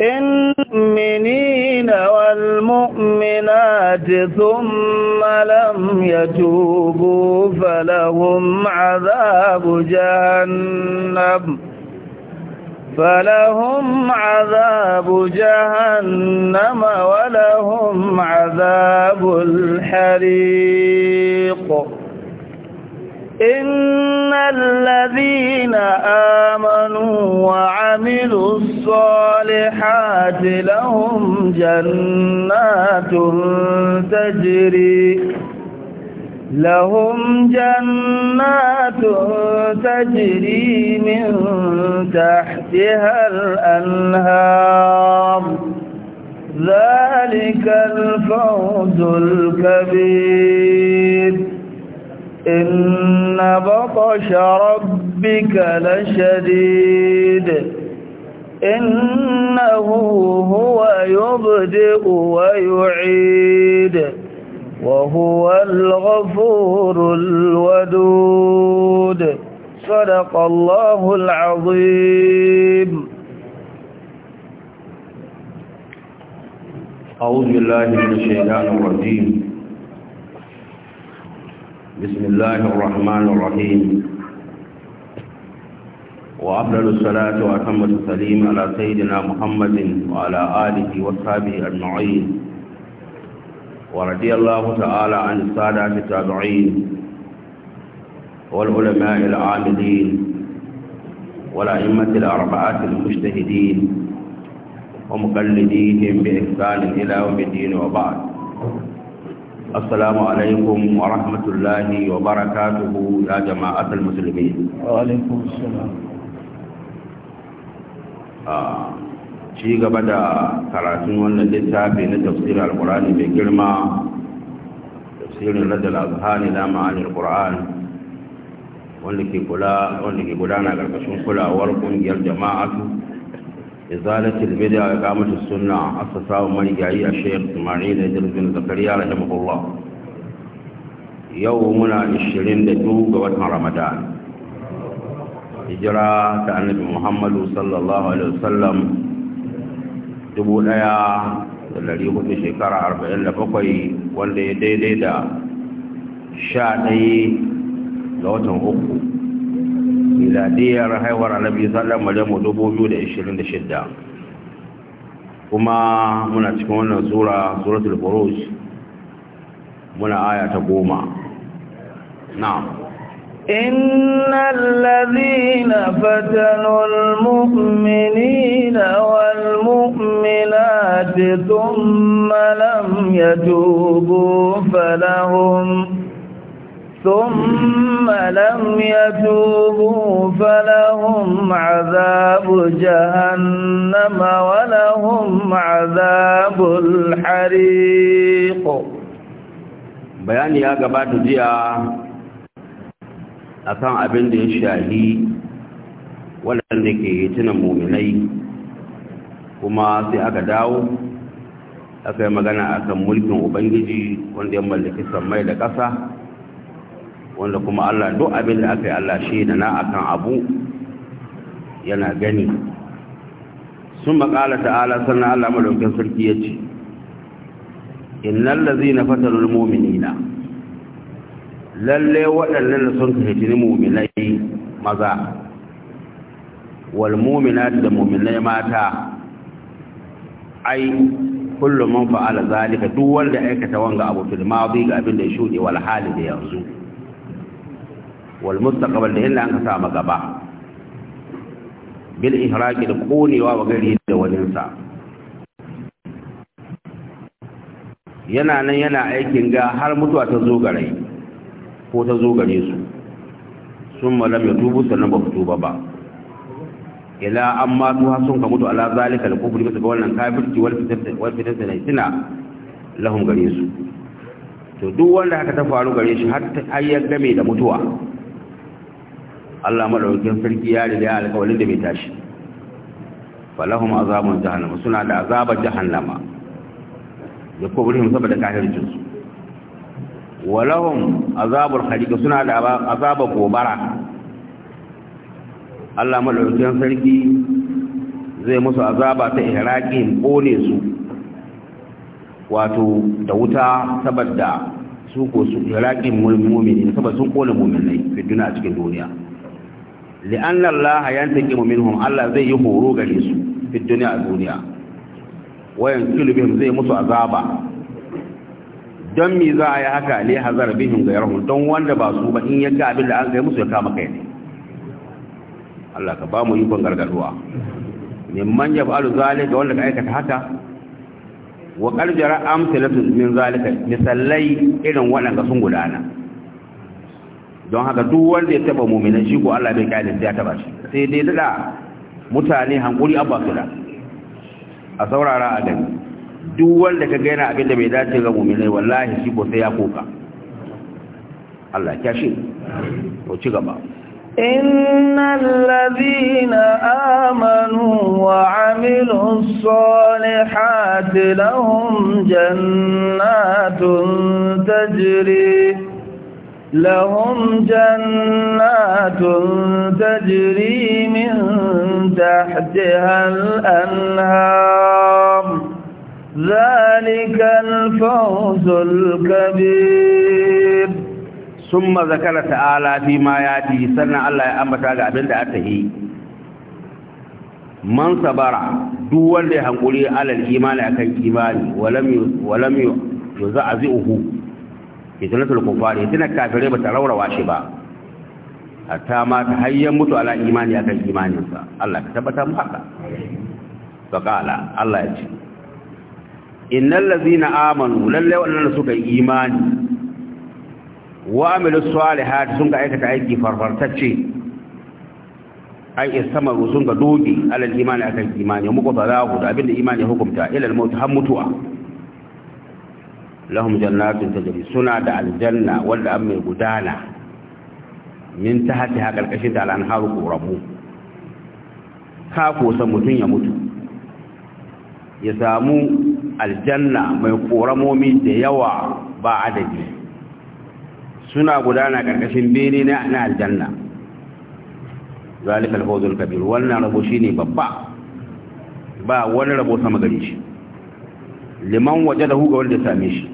إن المؤمنين والمؤمنات ثم لم يتوبوا فلهم عذاب جهنم فلهم عذاب جهنم ولهم عذاب الحريق إن الذين آمنوا وعملوا الصالحات لهم جنات تجري لهم جنات تجري من تحتها الأنهار ذلك الفوز الكبير إن بطش ربك لشديد إنه هو يبدئ ويعيد وهو الغفور الودود صدق الله العظيم أعوذ بالله من الشيطان الرجيم بسم الله الرحمن الرحيم وأفضل الصلاة وأتم التسليم على سيدنا محمد وعلى آله وصحبه أجمعين ورضي الله تعالى عن السادة التابعين والعلماء العاملين والأئمة الأربعة المجتهدين ومقلديهم بإحسان إلى يوم الدين وبعد السلام عليكم ورحمة wa وبركاته يا جماعة المسلمين وعليكم A ci gaba da karatun wannan littafi na tafsirin alkurani mai girma tafsirin radar azhani na ma'anin wanda ke gudana ƙarƙashin kulawar ƙungiyar jama'atu إزالة البدع وإقامة السنة أسسه مرجعي الشيخ إسماعيل إدريس بن زكريا رحمه الله يومنا عشرين لتوب وتم رمضان هجرة النبي محمد صلى الله عليه وسلم dubu ɗaya da dari hudu shekara arba'in da bakwai wanda ya daidai da sha ɗaya ga watan uku miladiyar haihuwar annabi sallallahu alaihi wasallam 2026 kuma muna cikin wannan sura suratul buruj muna aya ta goma na'am إن الذين فتنوا المؤمنين والمؤمنات ثم لم يتوبوا فلهم ثم لم يتوبوا فلهم عذاب جهنم ولهم عذاب الحريق bayani ya gabata jiya akan abin da ya shahi waɗanda ke tunan muminai kuma sai aka dawo aka yi magana akan mulkin ubangiji wanda ya mallaki sammai da ƙasa wanda kuma Allah duk abin da aka yi Allah shi da na akan abu yana gani sun makala ta'ala sannan Allah malaukin sarki ya ce innan lazi na fatarul mominina lalle waɗannan da sun ka ni mominai maza wal mominati da mominai mata ai kullum man fa'ala zalika duk wanda aikata wanga abu fil madi ga abin da ya shuɗe wal hali da yanzu wal mustaqbal da inda an ka sa gaba bil ihraqi da konewa wa gari da sa yana nan yana aikin ga har mutuwa ta zo gare ko ta zo gare su sun malam ya yatubu sannan ba tuba ba ila an su ha sun ka mutu ala zalika da kufuri bisa ga wannan kafirci wal fitar da suna lahun gare su to duk wanda haka ta faru gare shi har ta ya game da mutuwa Allah madaukakin sarki ya riga alƙawarin da bai tashi falahum azabun jahannama suna da azabar jahannama da kubrihim saboda kafircin su walahum azabul hariqa suna da azabar gobara Allah madaukakin sarki zai musu azaba ta ihraqin kone su wato da wuta saboda su ko su ihraqin mu'minin saboda sun kone mu'minai fi a cikin duniya li'anna Allah yantaqimu minhum Allah zai yi horo gare su fi duniya a duniya wayan kilbihim zai musu azaba don mi za a yi haka ne hazar bihim don wanda ba su ba in ya ga abin da an gaya musu ya kama kai ne Allah ka ba mu ikon gargaduwa mimman wanda ka aikata haka wa qarjara misalai irin waɗanda sun gudana don haka duk wanda ya taba mu'minan shi ko Allah bai kaida sai ya taba shi sai dai da mutane hankuri abba su da a saurara a gani duk wanda ka gaina abin da bai dace ga mu'minai wallahi shi ko sai ya koka Allah ya shi to ci gaba إن الذين آمنوا وعملوا الصالحات لهم جنات تجري لهم جنات تجري من تحتها الأنهار ذلك الفوز الكبير ثم ذكر تعالى فيما ياتي سنة الله يأمت على أبنت أتهي من صبر دول لهم قولي على الإيمان أكا الإيمان ولم يزعزئه fitnatul kufari tana kafirai bata raurawa shi ba hatta ma ta hayyan mutu ala imani akan imaninsa Allah ka tabbata mu haka to kala Allah ya ce innal ladzina amanu lalle wannan suka yi imani wa amilu salihati sun ga aikata aiki farfartacce ai istamaru sun ga dogi, alal imani akan imani mu ko da abinda imani hukumta ila al-maut har mutuwa lahum jannatun tajri suna da aljanna wanda an mai gudana min tahti ha karkashin da alhanharu qurabu ka ko san mutun ya mutu ya samu aljanna mai koramomi da yawa ba adadi suna gudana karkashin bene na aljanna zalika alfawzul kabir wannan rabo shine babba ba wani rabo sama gare shi liman wajadahu ga wanda same shi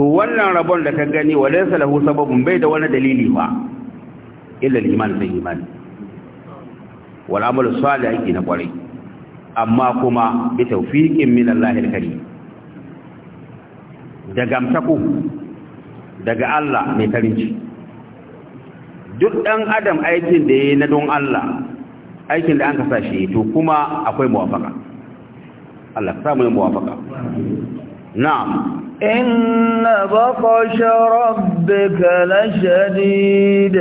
to wannan rabon da ka gani walaysa lahu sababun bai da wani dalili ba illa al-iman bi iman wal amal salih yake na kwarai amma kuma bi tawfiqin min Allah al-karim da gamtaku daga Allah mai karinci duk dan adam aikin da yayi na don Allah aikin da an kasa shi to kuma akwai muwafaka Allah samu yin muwafaka na'am inna baqasha rabbika lashadid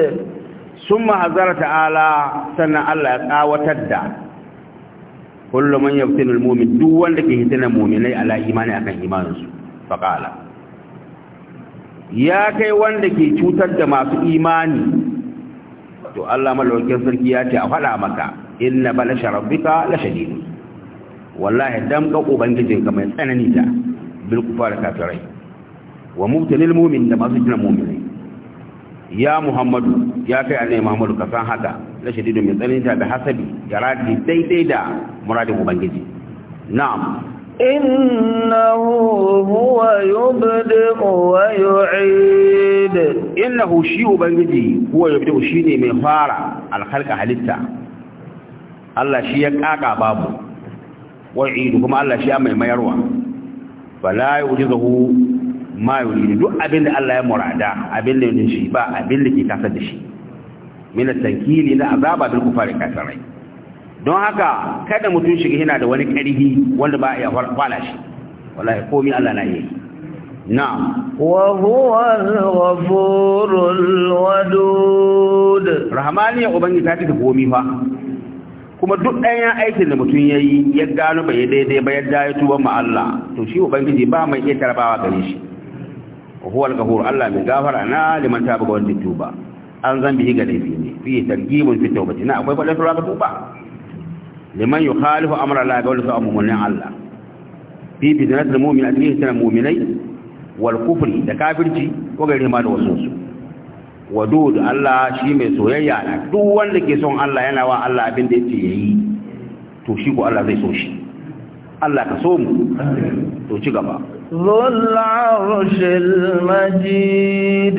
summa hazara ta'ala sannan Allah ya kawatar da kullu man yaftinu almu'min duk wanda ke hitina mu'minai ala imani akan imaninsu faqala ya kai wanda ke cutar da masu imani to Allah malaukin sarki ya ce a faɗa maka inna bala sharabbika la shadid wallahi damka ubangijinka mai tsanani ta من كفار كافرين ومبتل المؤمن لما زجنا مؤمنين يا محمد يا في أن محمد كفان هذا لا شديد من ذلك بحسب جراد دي دي دا مراد مبنجزي نعم إنه هو يبدئ ويعيد إنه شيء بنجزي هو يبدئ شيء من خارة الخلق حلتا الله شيء كاكا بابه ويعيدكم الله شيء أمي ما يروى fala yujizuhu ma yuridu duk abinda Allah ya murada abin da yake shi ba abin da ke kasar da shi min tankili na azaba bil don haka kada mutum shiga yana da wani ƙarfi wanda ba ya fara shi wallahi komai Allah na yi na'am wa huwa al-ghafurul wadud rahmani ya ubangi ta tuka komai fa kuma duk ɗayan aikin da mutum ya yi ya gano bai daidai ba yadda ya tuba ma Allah to shi ubangiji ba mai iya tarbawa gare shi huwa al-ghafur Allah mai gafara na liman taba ga wanda tuba an zambi ga laifi ne fi targibun fi tawbati na akwai fadar tura ga tuba liman yukhalifu amra Allah ga wanda mu'minin Allah fi bidnatul mu'min adrihi sana mu'minai wal kufri da kafirci ko gare ma da wasu wadud Allah shi mai soyayya na duk wanda ke son Allah yana wa Allah abin da yake yayi to shi ko Allah zai so shi Allah ka so mu to ci gaba zul arshil majid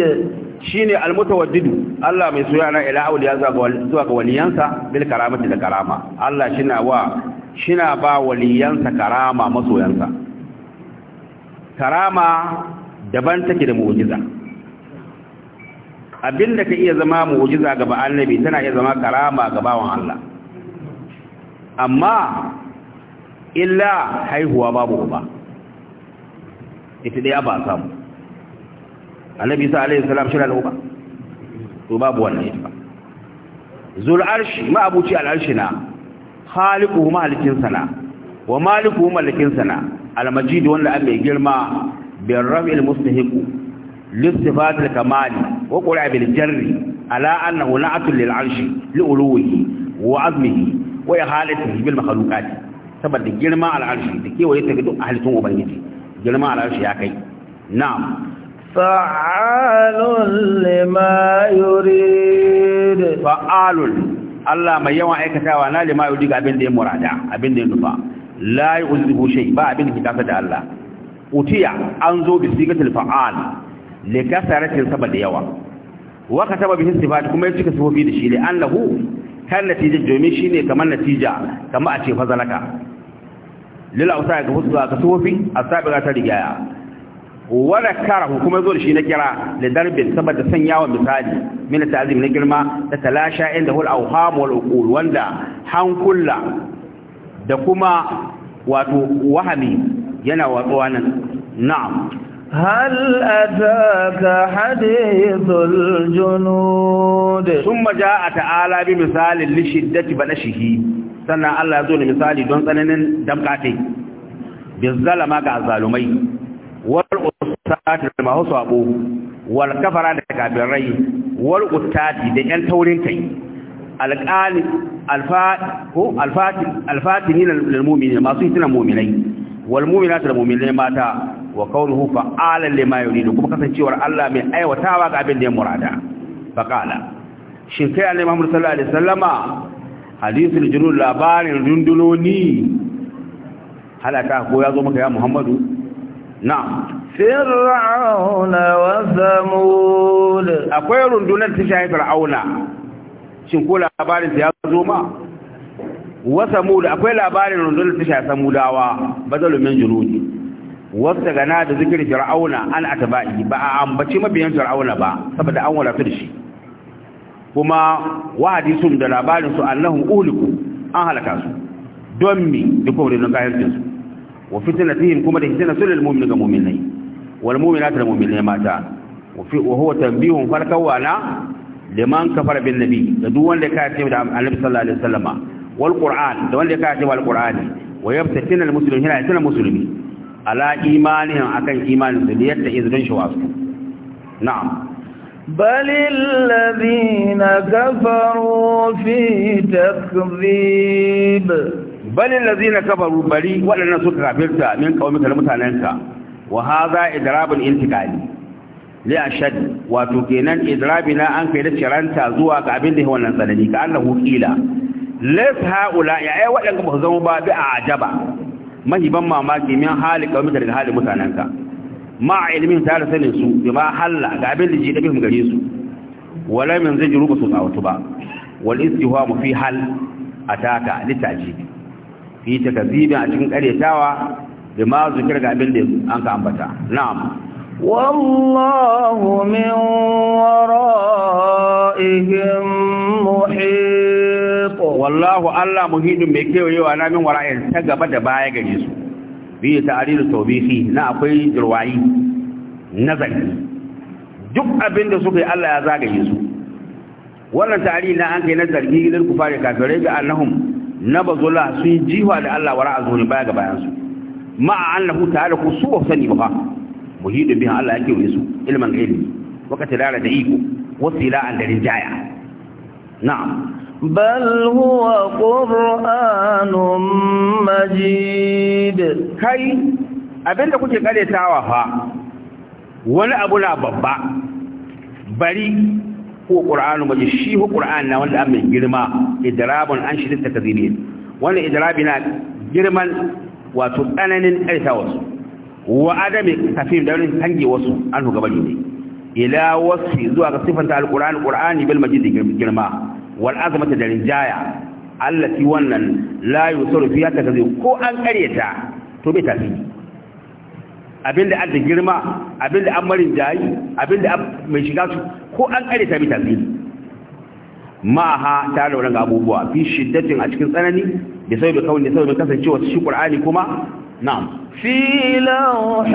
shine almutawaddid Allah mai soyayya na ila awliya zuwa ga waliyansa bil karamati da karama Allah shina wa shina ba waliyansa karama masoyansa karama daban take da mu'jiza abinda ka iya zama mu'jiza ga annabi tana iya zama karama ga bawan Allah amma illa haihuwa babu uba ita dai ba samu annabi sa alaihi salam shi da uba to babu wannan ita zul arshi ma abuci al arshi na khaliquhu malikin sana wa malikuhu malikin sana al majid wanda an mai girma bin al mustahiqu لاستفادة الكمال وقرع بالجر على أنه نعت للعرش لألوه وعظمه وإخالته بالمخلوقات سبب الجرمى على العرش تكي ويتكد أهل سنة وبنجي جرمى على العرش يا كي نعم فعال لما يريد فعال الله ما يوان ايكتاوا نا لما يريد abin da ya murada abin da ya nufa la yuzibu shay ba abin da kitasa da Allah utiya an zo bi sigatul fa'al likasaratin sama da yawa wa kataba bihi sifat kuma ya cika sifofi da shi ne annahu kan natija domin shine kamar natija kamar a ce fazalaka lil ausa ga husu ga sifofi asabiga ta rigaya wa karahu kuma zo da shi na kira da darbin saboda sanyawa misali min ta'zim na girma da talasha inda hul awham wal uqul wanda hankula da kuma wato wahami yana watsuwa nan na'am هل أتاك حديث الجنود ثم جاء تعالى بمثال لشدة بنشه سنة الله يزول مثال دون سنن دمقاتي بالظلم مع الظالمي والأسات لما هو صعبه والكفر لكابري والأسات لأن تورنتي الآن الفاتنين للمؤمنين ما صيتنا مؤمنين والمؤمنات للمؤمنين ماتا wa qawluhu fa'alan lima yuridu kuma kasancewar Allah mai aiwatawa ga abin da ya murada faqala shin kai annabi Muhammad sallallahu alaihi wasallama hadithul junul labarin runduloni halaka ko ya zo maka ya Muhammadu na. fir'auna wa samud akwai rundunar ta shayi fir'auna shin ko labarin ya zo ma wa samud akwai labarin rundunar ta shayi samudawa bazalumin junudi wasta gana da zikirin fir'auna an ataba'i ba a ambaci mabiyan fir'auna ba saboda an wadatu da shi kuma wahadisun da labarin su annahum uliku an halaka su don mi da kowrin kafircin su wa fitnatihim kuma da fitna sulul mu'min ga mu'minai wal mu'minat da mu'minai mata wa fi wa huwa tanbihun farkawana liman kafara bin nabi da duk wanda ya kace da annabi sallallahu alaihi wasallama wal qur'an da wanda ya kace wal qur'ani wa yaftatina al muslimin hina yaftina muslimi ala imanin akan imanin da yadda izinin shi wasu na'am balillazina kafaru fi takzib balillazina kafaru bari wadannan suka kafirta min kawmin kalmar mutanenka wa hadha idrabun intikali li ashad wa to kenan idrabina an kai da ciranta zuwa ga da wannan tsanani ga annahu qila lis haula 'ya'ya ai wadannan ba zama babu a ajaba mahiban mamaki min hali kawai daga hali mutanenka ma ilimin tare sanin su bi ma halla ga abin da ji da bihim gare su wala min zai jiru ba su tsawatu ba wal mu fi hal taka litaji fi takzibi a cikin karyatawa bi ma zikir ga abin da an ka ambata na'am والله من ورائهم محيط wallahu Allah muhidin mai kewayewa na min wara'in ta gaba da baya gare su biyu na akwai jirwayi nazari duk abin da suka yi Allah ya zagaye su wannan ta'arili na an kai na zargi lil kufari kafirai ga annahum nabazula sun jiwa da Allah wara azuri baya ga bayan su ma annahu tare ku su sani ba muhidin bihan Allah yake wani su ilman ilmi wakati dara da iko wasila an da rinjaya na'am بل هو قرآن مجيد كي abinda kuke karetawa fa wani abu na babba bari ko qur'anu maji shi ko qur'an na wanda mai girma idrabun an shiddat takdhibin wannan idrabi na girman wato tsananin kareta wasu wa adami tafim da wani hange wasu an gabani ne ila wasfi zuwa ga sifanta alqur'an qur'ani bil majid girma wal azmata da rinjaya Allah allati wannan la yusaru ta takazir ko an karyata to bai tafi abinda an da girma abinda an marin jayi abinda an mai shiga su ko an karyata bai tafi ma ha ta da wannan abubuwa fi shiddatin a cikin tsanani da sai da kawai da sai da kasancewa shi qur'ani kuma نعم في لوح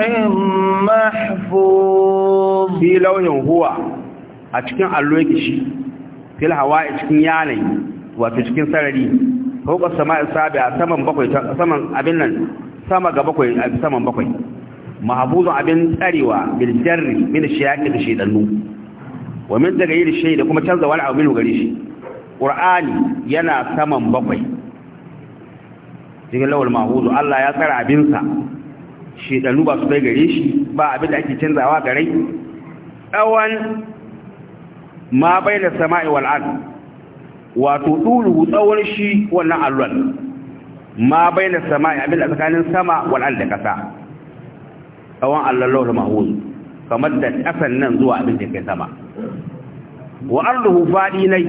محفوظ في لوح هو a cikin allon yake shi fil hawa'i cikin yanayi wato cikin sarari fawqa sama'i sabi'a saman bakwai saman abin nan sama ga bakwai a saman bakwai mahfuzun abin tsarewa bil jarri min shayaqi da shaytanu wa min tagayyir shay da kuma canza wani abu min gare shi qur'ani yana saman bakwai cikin lawal mahfuzu Allah ya tsara abin sa shaytanu ba su kai gare shi ba abin da ake canzawa gare tsawon ma bai da sama'i wal'ad wato ɗuluhu tsawon shi wannan allon ma bai da sama'i abin da tsakanin sama wal'ad da ƙasa tsawon allon laura mahuzu kamar da ƙasan nan zuwa abin da kai sama wa arduhu faɗi nai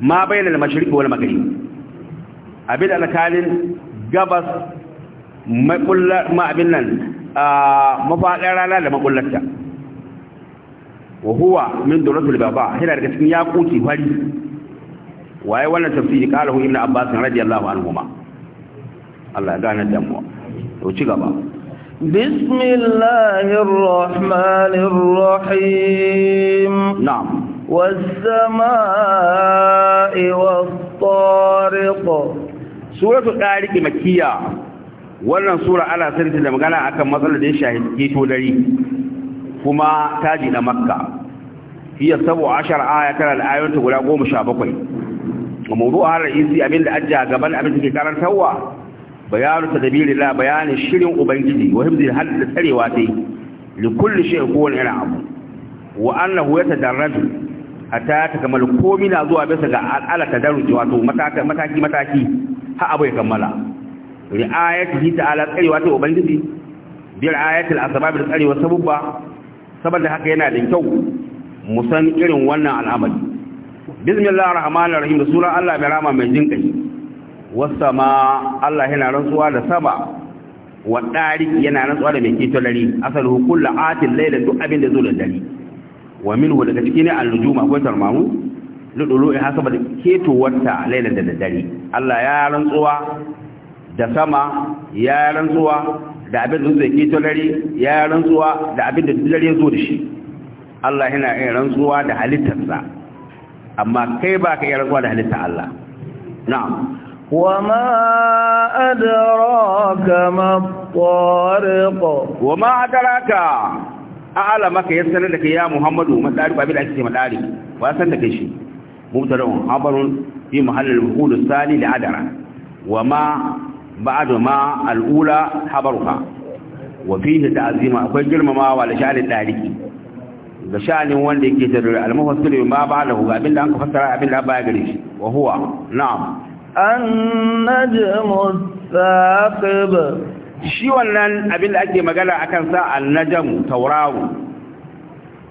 ma bai da mashirki wal magari abin da tsakanin gabas ma abin nan mafaɗin rana da makullarta wa huwa min duratul baba yana daga cikin yaquti fari waye wannan tafsiri qalahu ibnu abbas radiyallahu anhuma Allah ya gane da mu to ci gaba bismillahir rahmanir rahim na'am was-samaa'i was-tariq suratul tariq makkiya wannan sura ana sanin da magana akan matsalar da ya shahi keto dare kuma taji na makka hiya sabu ashar aya tara al'ayoyinta guda goma sha bakwai a mawdu'a ra'isi abinda ajja gaban abin da karantarwa bayanu tadbiri la bayanin shirin ubangiji wa himzil hal da tsarewa dai li kulli shay ko wani irin abu wa A yatadarraju ta kamar komi na zuwa bisa ga al'ala tadarruji wato mataki mataki mataki ha abu ya kammala ri'ayatihi ta'ala tsarewa ta ubangiji bil ayatil asbab da tsarewa sabubba saboda haka yana da kyau mu san irin wannan al'amari bismillahir rahmanir rahim da sura Allah mai rama mai jin kai wasama Allah yana rantsuwa da sama wa dariq yana rantsuwa da mai kitolari asalu kullu atil laylan duk abin da zo da dare wa minhu daga cikin al-nujum akwai tarmamu ludulu ya hasaba keto wata laylan da dare Allah ya rantsuwa da sama ya rantsuwa da abin da zai ke tolari ya rantsuwa da abin da dare zo da shi Allah yana iya rantsuwa da halittarsa amma kai ba ka iya rantsuwa da halittar Allah na'am wama adraka ma tariq wama adraka a'ala maka ya sanar da kai ya Muhammadu madari ba bi da ake madari wa san da kai shi mubtada'un habarun fi mahallil maf'ul sali li adara ma. بعد ما الأولى حبرها وفيه تعظيم أكوي جرم ما ولشأن التاريخي بشأن وانده كتر المفصل ما بعده قابل أنك فسر قابل أبا يقريش وهو نعم النجم الثاقب shi wannan abin da ake magana a sa annajamu tauraru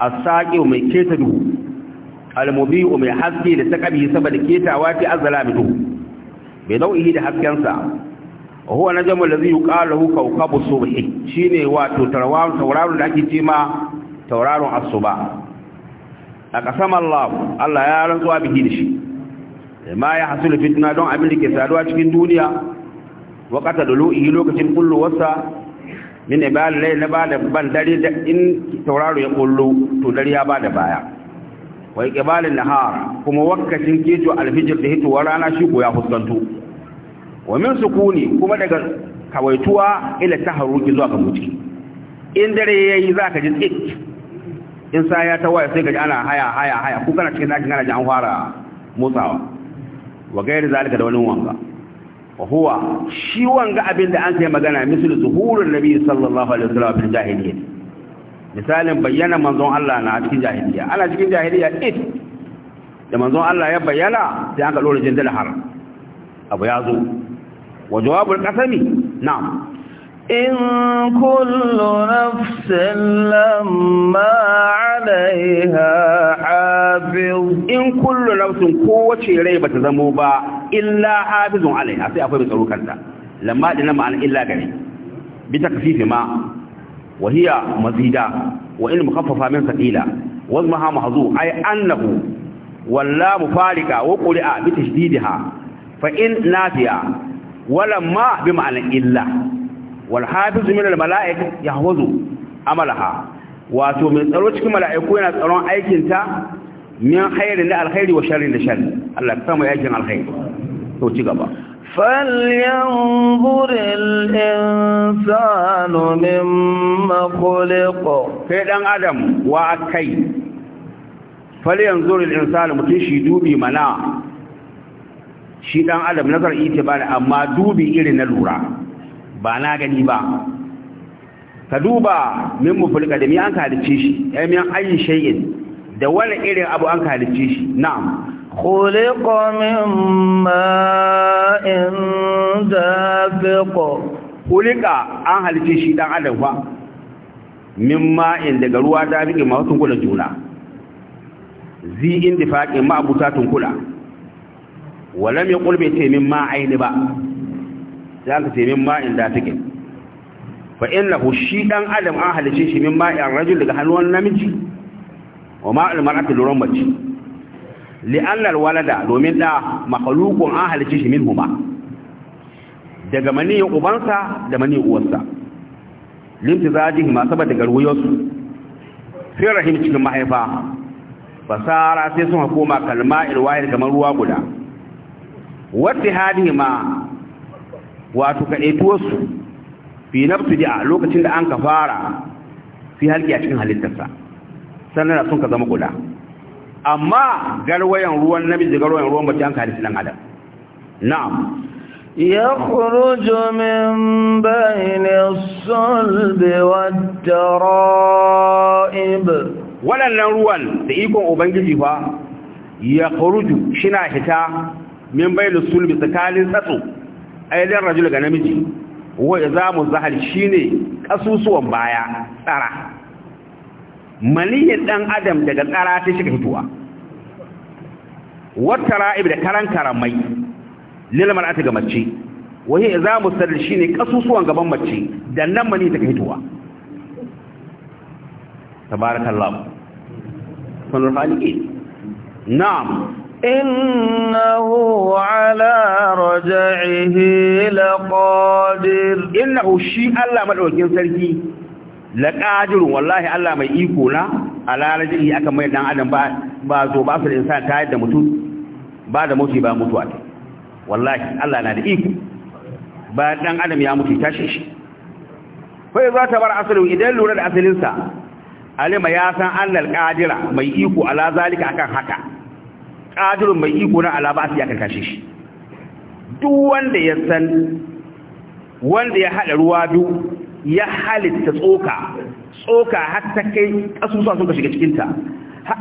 asaqiu mai keta duhu mai haske da takabi saboda ketawa ta azlamidu bai dauki da haskensa wa huwa najmu allazi yuqalu lahu kawkabu subhi shine wato tauraron tauraron da ake cema tauraron asuba aqsama Allah Allah ya rantsuwa bihi da shi ma ya hasulu fitna don abin ke saduwa cikin duniya waqata dulu'i lokacin kulluwarsa min ibal ba da ban dare da in tauraro ya kullu to dare ba da baya wa iqbalin nahar kuma wakacin kejo alfijir da hito rana shi ko ya fuskanto wa min sukuni kuma daga kawaituwa ila taharuki zuwa ga in dare yayi zaka ji tik in sa ya tawaye sai ga ana haya haya haya ku kana cikin dakin kana ji an fara motsawa wa gairi zalika da wani wanga wa huwa shi wanga abin da an kai magana misal zuhurun nabi sallallahu alaihi wasallam fil jahiliyyah misalin bayyana manzon Allah na cikin jahiliya ana cikin jahiliya it da manzon Allah ya bayyana sai aka lura jin da haram abu ya zo وجواب القسم نعم إن كل نفس لما عليها حافظ إن كل نفس قوة ريبة ذنوبا إلا حافظ عليها سيأخذ بسألوك أنت لما دينما عن إلا قلي بتكفيف ما وهي مزيدة وإن مخففة من سكيلة وزمها محظو أي أنه ولا مفارقة وقلئة بتشديدها فإن نافية walamma bi ma'anar illa wal hafiz min al mala'ik yahwazu amalaha wato mai tsaro cikin mala'iku yana tsaron aikinta min khairin da alkhairi wa sharrin da sharri Allah ya mai aikin alkhairi to ci gaba فلينظر الإنسان مما خلق فإن آدم وأكي فلينظر الإنسان متشي دوبي مناه shi dan adam nazar itibari amma dubi irin na lura ba na gani ba ka duba min mufulka da mi an ka halice shi ai eh, min ayi shay'in da wani irin abu an ka halice shi na'am khuliqa min ma'in dafiq khuliqa an halice shi dan adam ba min ma'in daga ruwa dafiq ma sun kula juna zi indifaqin ma tun kula wala mai kulbe taimin ma aini ba Za ka ce ma ma'in da take fa innahu shi dan adam an halice shi min ma'in rajul daga hannun namiji wa ma'al mar'ati luran mace li'anna alwalada domin da makhluqun an halice shi min huma daga ya ubansa da ya uwarsa lintizajihi ma saboda garwayosu fi rahim cikin mahaifa fasara sai sun koma kalma ilwahir kamar ruwa guda wadda hadi ma wato ka ɗaituwarsu fi fi da lokacin da an ka fara fi halki a cikin halittarsa sannan sun ka zama guda amma garwayan ruwan namiji garwayan ruwan mace an ka halitta nan adam na'am يخرج من بين الصلب والترائب ولن ruwan da ikon ubangiji fa ya shi na hita min bainu sulbi tsakanin tsatso ayyadin rajul ga namiji wa mu zahal shine kasusuwan baya tsara maniyin dan adam daga tsara ta shiga fitowa wata ra'ib da karan karamai lil mar'ati ga mace wa hi mu sadr shine kasusuwan gaban mace da nan mani ta fitowa tabarakallah sunan haliki na'am innahu ala raj'ihi laqadir innahu shi Allah madaukin sarki laqadir wallahi Allah mai iko na ala raj'ihi aka mai dan adam ba zo ba su insan ta yadda mutum ba da mutu ba mutuwa ta wallahi Allah na da iko ba dan adam ya mutu tashi shi fa za ta bar asalin idan lura da asalinsa alima ya san annal qadira mai iko ala zalika akan haka ƙadirin mai iko na alaba ya karkashe shi duk wanda ya san wanda ya haɗa ruwa biyu ya halitta tsoka tsoka har ta kai ƙasusuwa sun ka shiga cikinta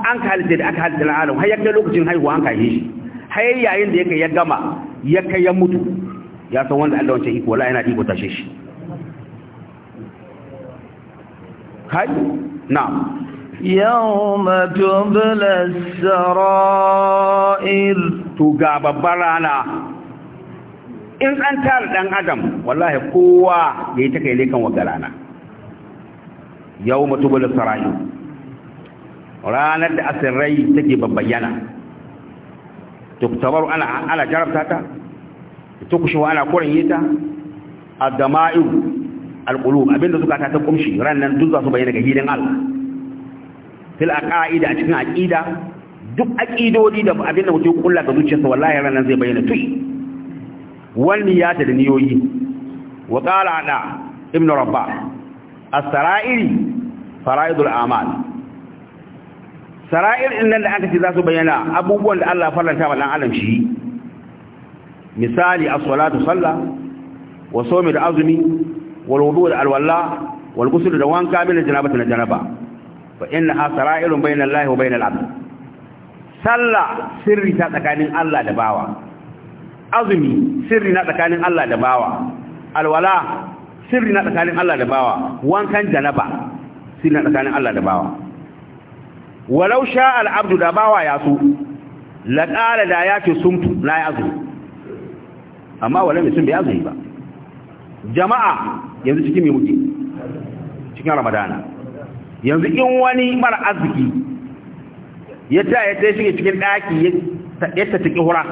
an ka halitta da aka halitta na alam har yadda lokacin haihuwa an kashe shi har yayin da ya kai ya gama ya kai ya mutu ya san wanda Allah wancan iko wala yana iko tashe shi kai yau matubula sara'ir to ga in an tara dan adam wallahi kowa ya yi ta kai lekan wagga rana yau matubula sara'ir ranar da asirai take babbayana tuktabaru ana ana jarabta ta tukushewa ana kuranye ta addama'iru alqulub abinda suka ta ta kumshi ran nan duk za su bayyana ga hilin Allah fil aqaida a cikin aqida duk aqidodi da abin da mutum kulla ga zuciyarsa wallahi ranan zai bayyana tuyi Wani ya da niyoyi wa qala ana ibnu rabba as-sara'iri fara'idul a'mal sara'ir din nan da aka ce za su bayyana abubuwan da Allah faranta wa dan adam shi misali as-salatu salla wa sawmi da azumi wal wudu da alwala wal ghusl da wanka min janabati na janaba fa innaha sara'irun bainal lahi wa bainal abd sallah sirri ta tsakanin Allah da bawa azumi sirri na tsakanin Allah da bawa alwala sirri na tsakanin Allah da bawa wankan janaba sirri na tsakanin Allah da bawa walau sha al'abdu da bawa ya so laƙala da ya ce sumtu na ya azumi amma wale mai sun bai azumi ba jama'a yanzu cikin mai muke cikin ramadana yanzu in wani mara arziki ya ta ya ta shiga cikin ɗaki ya ta ciki hura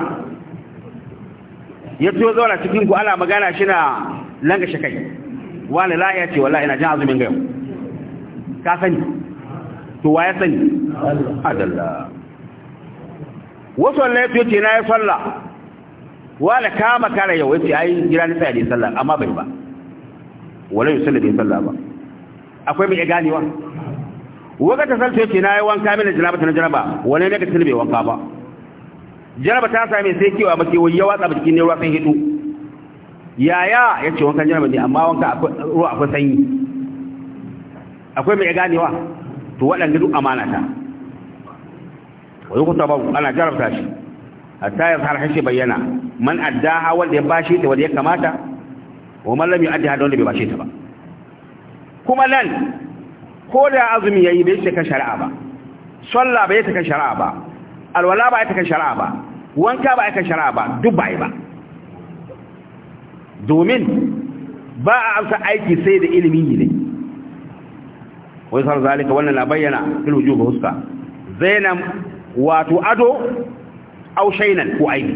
ya ciyo zauna cikin ku ana magana shi na langa shakai wani la ya ce wala ina jin azumin gayo ka sani to wa ya sani adalla wasu wani ya ce na ya salla wani kama kare yau ya ce ai gida ni ya da sallah amma bai ba wala da bai sallah ba akwai mai ganewa waka ta salto na yi wanka mina janaba ta janaba wani ne ka tilbe wanka ba janaba ta same sai kewa baki wani ya watsa cikin ne ruwa sai hidu yaya yace wankan janaba ne amma wanka ruwa akwai sanyi akwai mai ganewa to waɗanda duk amana ta wani kuta babu ana jarabta shi a tayar har hashe bayyana man addaha wanda ya bashi ta wanda ya kamata wa man lam yu'addaha don da bai bashi ta ba kuma nan ko da azumi yayi bai cika shari'a ba sallah bai cika shari'a ba alwala bai cika shari'a ba wanka bai cika shari'a ba duk bai ba domin ba a amsa aiki sai da ilimi ne wai sar zalika wannan na bayyana fil wujubi huska zainam wato ado au shaynan ko aibi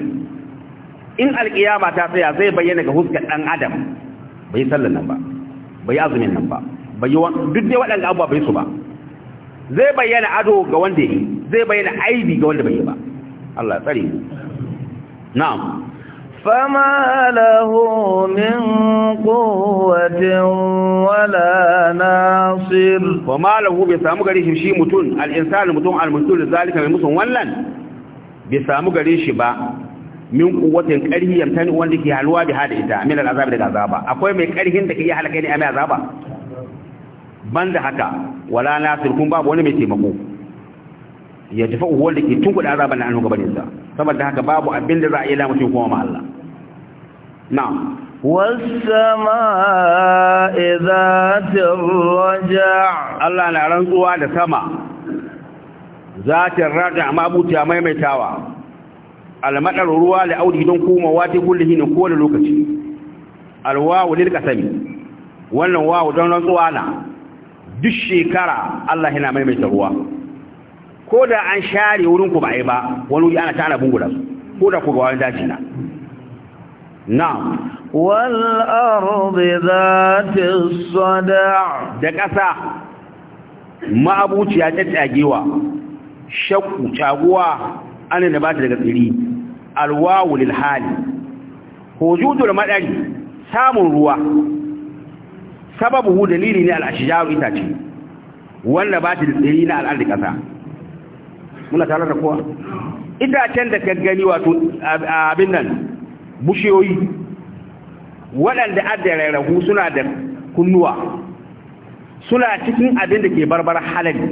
in alkiyama ta tsaya zai bayyana ga huskar dan adam bai sallan nan ba bai azumin nan ba duk dai waɗanda abuwa bai su ba zai bayyana ado ga wanda yi zai bayyana aibi ga wanda bai yi ba Allah tsare mu na'am فما له من قوة ولا ناصر وما له بسامو غري شي متون الانسان متون المسؤول ذلك من مسون wannan بسامو gare shi ba min kuwatin ƙarhi yamtani wanda ke halwa bi hada ita min al'azab daga azaba akwai mai ƙarhin da ke iya halaka ne a mai azaba banda haka wala nasir kun babu wani mai taimako ya tafi uwar da ke tunku da azaban da an gabanin sa saboda haka babu abin da za a iya lamuci kuma ma Allah na wasama idza الرجع Allah na rantsuwa da sama zatin raja ma buta maimaitawa almadar ruwa da audi don komawa ta kullihi ne kowane lokaci alwawu lil qasami wannan wawu don rantsuwa na duk shekara Allah yana maimaita ruwa ko da an share wurin ku ba yi ba wani wuri ana tara bungura ko da ku ga wani daji na na'am wal ardi zati sada da kasa ma'abuciya ta tsagewa shakku taguwa an da bata daga tsiri alwawu lil hali hujudul madari samun ruwa sababu hu dalili ne al'ashijaru itace wanda ba ta tsiri na al'adar ƙasa muna tare da kowa itacen da ka gani wato abin nan bushiyoyi waɗanda rairahu suna da kunnuwa suna cikin abin da ke barbar halali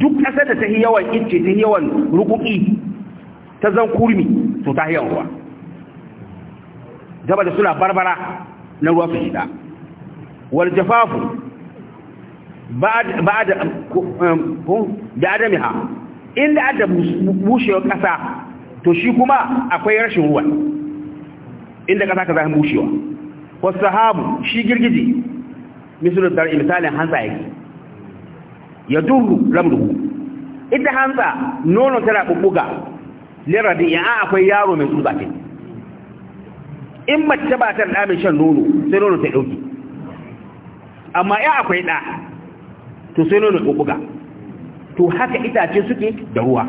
duk ƙasar da ta yi yawan ince ta yi yawan rukuki ta zan kurmi to ta yi yawan ruwa gaba da suna barbara na ruwa su shida wal bada ba'ad um, inda ada bushe kasa to shi kuma akwai rashin ruwa inda kasa ka zahin bushewa wasu sahabu shi girgije misalin dar misalin hansa yake ya duru ramruhu ita hansa nono tana bubbuga lera da ya akwai yaro mai tsutsa kai in mace ba ta da mai shan nono sai nono ta dauki amma ya akwai da to sai nono ya buga to haka itace suke da ruwa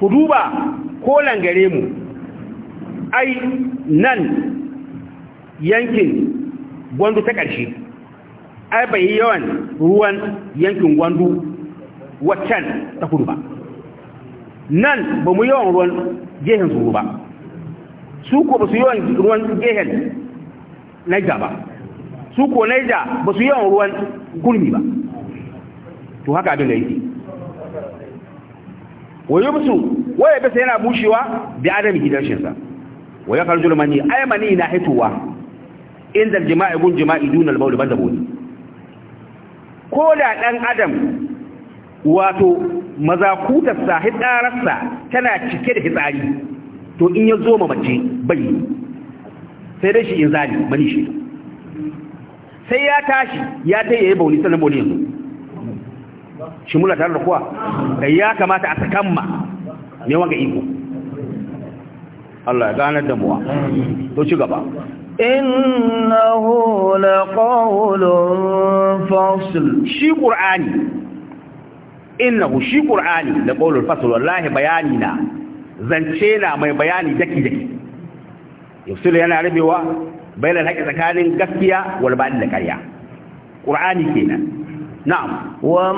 ku duba ko langare mu ai nan yankin gwandu ta ƙarshe ai bai yawan ruwan yankin gwandu waccan ta kudu ba nan ba mu yawan ruwan gehen su ba su ko ba su yawan ruwan gehen naija ba su ko naija ba su yawan ruwan gulmi ba to haka abin da yake waye yubsu waye ya bisa yana bushewa bi adami gidanshinsa wa ya karjul mani ay mani na hituwa inda jima'i gun jima'i dun al-bawl banda ko da dan adam wato mazakutar sa hidararsa tana cike da hitsari to in ya zo ma mace bai sai dai shi in zali mani shi sai ya tashi ya ta yayi bauli sanan bauli yanzu shi mula tare da kuwa da ya kamata a sakamma ne wanga iko Allah ya gane da muwa to ci gaba إنه لقول فصل شي قرآني إنه شي قرآني لقول الفصل والله بياننا zance na mai bayani daki daki yafsilu yana rabewa bainal haƙi tsakanin gaskiya wal batil da ƙarya qur'ani kenan na'am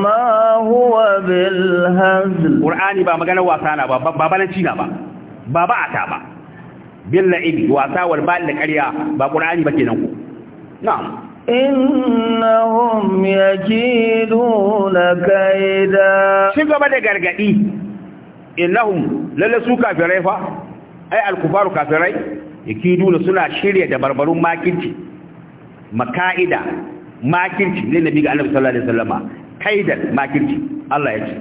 ma huwa bil hazl qur'ani ba magana wasa na ba ba balanci na ba ba ba ata ba bil la'ibi wasa wal batil da ƙarya ba qur'ani ba kenan ko na'am innahum yakiduna kaida shi gaba da gargadi innahum lalle su kafirai fa ai alkufaru kafirai duna suna shirya da barbarun makirci makaida makirci ne nabi ga annabi sallallahu alaihi wasallama kaidan makirci Allah ya ce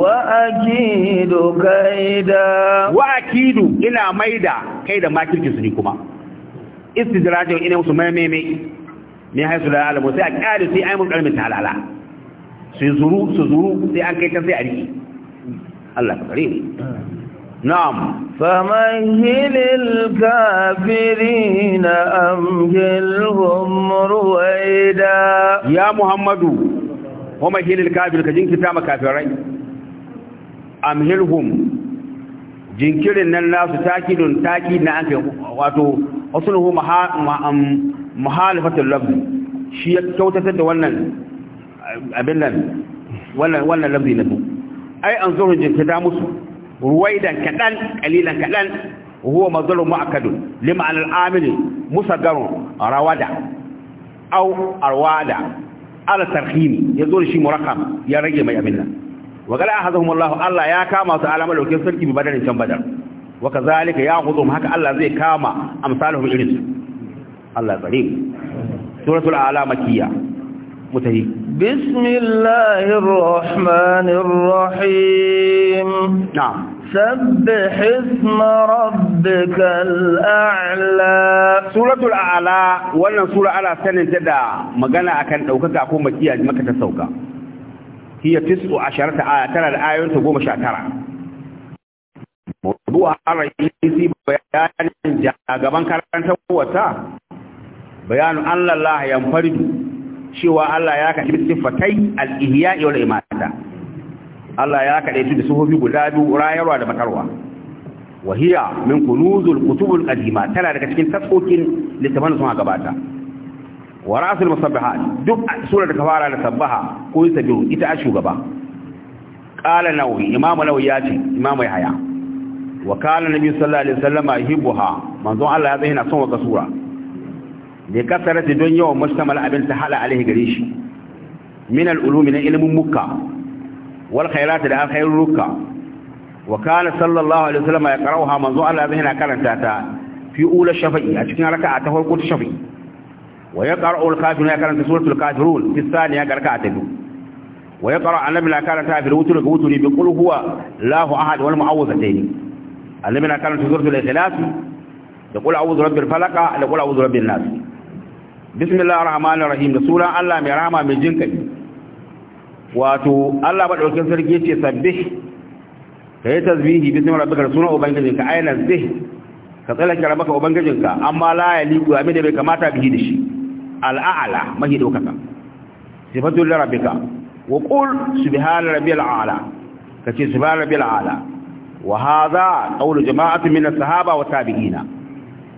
wa akidu kaida wa akidu ina maida kaida makirci su ni kuma istidraj ina musu mai ne haisu da alamu sai a kyale sai ayyukan mutalala sai su zuru su zuru sai an kai ta sai a riki الأكبرين آه. نعم فمهل الكافرين أمهلهم رويدا يا محمد ومهل الكافر كجنك تام كافرين أمهلهم جنكر أن الناس تاكيد تاكيد نعنك واتو أصله مها محالفة اللفظ شيء توتت ونن أبلن ولا ولا لفظي نبوك ai an zurun jinkita musu ruwaidan kadan kalilan kadan huwa mazlum mu'akkadun lima al-amili musaggarun rawada au arwada ala tarhim yazo shi murakam ya rage mai abin nan wa qala ahadhum Allah Allah ya kama su alama dauke sarki bi badarin can badar wa kazalika ya khudum haka Allah zai kama amsaluhum irin Allah zalim suratul ala makiyya mutahi بسم الله الرحمن الرحيم نعم سبح اسم ربك الأعلى سورة الأعلى ولا سورة على سنة جدا مغانا أكن أوكاك أكون مكياج مكة سوكا هي تسع عشرة آية ترى الآية تقوم شاترة موضوع الرئيسي بيان جاء قبان كارانتا وتا بيان أن الله ينفرد cewa Allah ya kaɗi sifatai al-ihya wal imata Allah ya kaɗe su da sufofi guda biyu rayarwa da matarwa wahiya min kunuzul kutubul qadima tana daga cikin tafkokin littafan da sun gabata wa ra'sul musabbihat duk surar da ka fara da sabbaha ko yi sabiru ita a shugaba qala nawi imamu nawi ya ce imamu yahya wa kana nabi sallallahu alaihi wasallama yuhibbuha manzon Allah ya zaina son wa sura da kasarati don yawan mushtamal abin ta hala alaihi gare shi min al'ulumi na ilimin muka wal khairata da alkhairuka wa kana sallallahu alaihi wasallam ya qara'uha manzo Allah zai na karanta ta fi ula shafi'i a cikin raka'a ta farko ta shafi'i wa ya qara'u al-kafirun ya karanta suratul kafirun fi thaniya garka ta biyu wa ya qara'u annabi la karanta fi al-wutr ga wutri bi qul huwa lahu ahad wal mu'awwidhatayn annabi na karanta suratul ikhlas da qul a'udhu rabbil falaq da qul a'udhu rabbin nas bismillahir rahmanir rahim da sunan Allah mai rahama mai jinkai wato Allah madaukakin sarki yace sabbih kai tasbihi bismi rabbika sunan ubangijinka aina zih ka tsallake rabbaka ka amma la yaliku abin da bai kamata bihi da shi al'a'la mahi dokaka sifatu rabbika wa qul subhana rabbil a'la kace subhana rabbil a'la wa hadha qawlu jama'atin min as-sahaba wa tabi'ina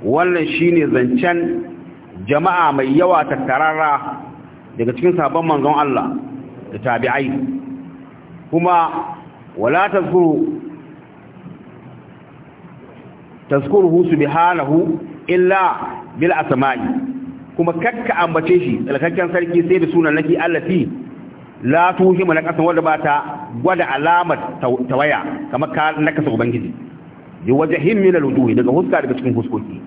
wannan shine zancen jama'a mai yawa tattarara daga cikin sabon manzon Allah da tabi'ai kuma wala tazkuru tazkuruhu subhanahu illa bil asma'i kuma kakka ambace shi alkakken sarki sai da sunan nake allati la tuhimu na kasan wanda bata gwada alamar tawaya kamar ka nakasa ubangiji bi wajhin min al daga huska daga cikin huskoki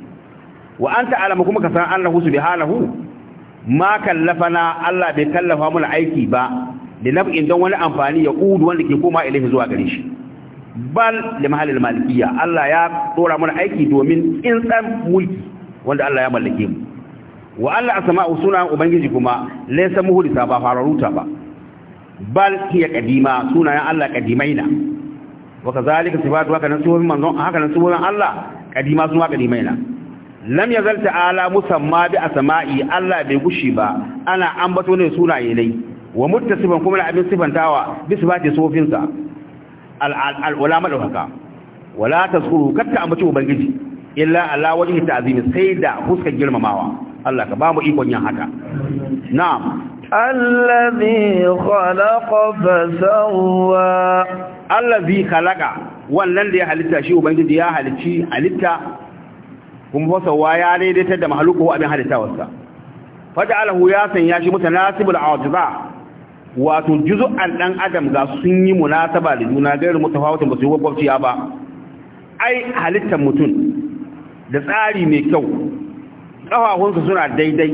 wa anta alama kuma ka san annahu subhanahu ma kallafana Allah bai kallafa mu aiki ba da naf'in don wani amfani ya udu wanda ke koma ilahi zuwa gare shi bal da mahallin malikiya Allah ya dora mana aiki domin in tsan mulki wanda Allah ya mallake mu wa Allah asma'u sunan ubangiji kuma laysa muhdisa ba fararuta ba bal hiya qadima sunayen Allah qadimaina wa kazalika sifatu haka nan sunan manzon haka nan sunan Allah qadima suna qadimaina lam yazal ta'ala musamma bi asma'i Allah bai gushi ba ana ambato ne sunaye dai wa muttasifan kuma la abin sifantawa bi sifati sofinsa al al ulama da haka wala tazkuru katta ambaci ubangiji illa ala wajhi ta'zim sai da huskar girmamawa Allah ka ba mu ikon yin haka na'am allazi khalaqa fasawwa allazi khalaqa wannan da ya halitta shi ubangiji ya halicci halitta kuma fasawa ya daidaitar da mahalukuhu abin halittawarsa fata alahu ya sanya shi mutanasibul awjiza wato an dan adam ga sun yi munasaba da juna gairu mutafawatin ba su yi gwabciya ba ai halittar mutum da tsari mai kyau ƙafafunsa suna daidai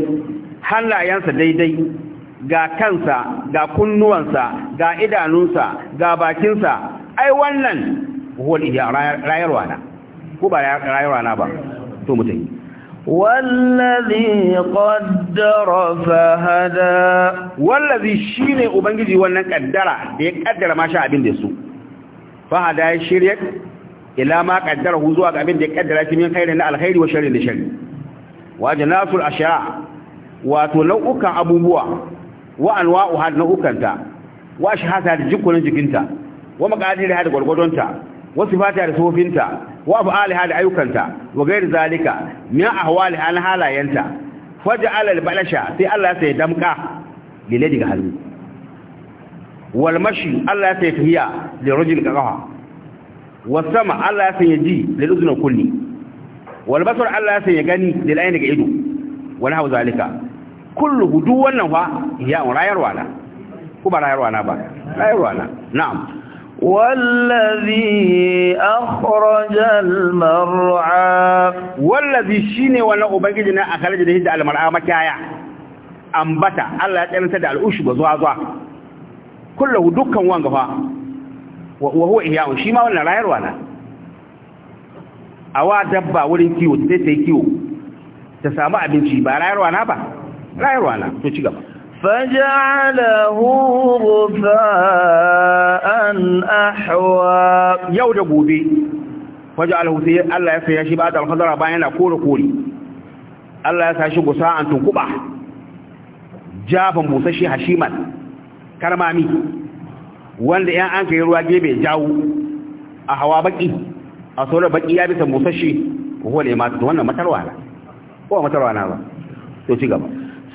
hannayensa daidai ga kansa ga kunnuwansa ga idanunsa ga bakinsa ai wannan huwa rayarwa na ko ba rayarwa na ba to mu tafi wallazi qaddara fahada wallazi shine ubangiji wannan kaddara da ya kaddara ma sha abin da su fahada ya shirye ila ma kaddara hu zuwa ga abin da ya kaddara shi min khairin alkhairi wa sharrin da sharri wa janasul ashya wato nau'ukan abubuwa wa anwa'u had nau'ukanta wa shahata da jikunan jikinta wa maqadir had gurgurdonta wasu fata da sofinta wa abu aliha da ayyukanta wa gair zalika min ahwali an halayenta faja alal balasha sai Allah sai damka lile daga hannu wal mashi Allah sai tahiya da rajul qaha wa sama Allah sai ji lil uzna kulli wal basar Allah sai gani lil ayni ga ido wal hau zalika kullu duk wannan fa ya rayarwa na ku ba rayarwa na ba rayarwa na na'am wallazi akhrajal mar'a wallazi shine wannan ubangiji na akalaji da hidda almar'a makaya ambata Allah ya tsananta da al'ushi ba zuwa zuwa kullahu dukkan wanga fa wa huwa ihya'un shi ma wannan rayarwa na awa dabba wurin kiwo sai yi kiwo ta samu abinci ba rayarwa na ba rayarwa na to ci gaba da فجعله غفاء أحوى ya saya shi سيئ الله يسيشي بعد الخضر باين أقول قولي الله يسيشي قساء أن تنقبع جافا موسشي هشيما karmami wanda ‘yan an kai ruwa gebe jawo a hawa baki a sauran baki ya bisa musashe wale mata wannan matarwa ko matarwa na ba to ci gaba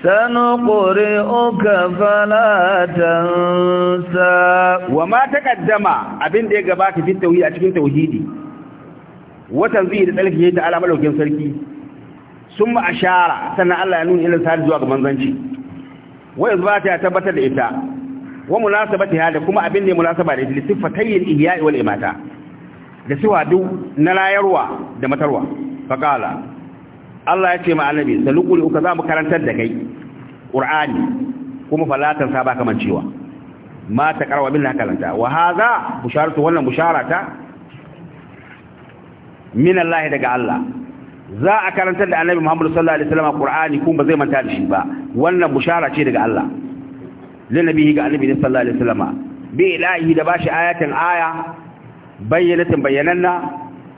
سنقرئك فلا Wa ma takaddama abin da ya gabata fi tauhidi a cikin tauhidi watan zai da tsalki ta ala malaukin sarki sun ma ashara sannan Allah ya nuna irin sa'adu zuwa ga manzanci wai zuwa ta tabbatar da ita wa munasabati hada kuma abin da ya munasaba da ita sifatayil ihya'i wal imata da siwa duk na layarwa da matarwa faqala Allah ya ce ma annabi saluqul uka za mu karantar da kai qur'ani kuma falatan sa ba kaman cewa ma ta karwa billahi kalanta wa hadha busharatu wannan busharata min Allah daga Allah za a karantar da annabi Muhammad sallallahu alaihi wasallam qur'ani kuma ba zai manta da shi ba wannan bushara ce daga Allah lanabihi ga annabi sallallahu alaihi wasallam bi ilahi da bashi ayatan aya bayyanatin bayyananna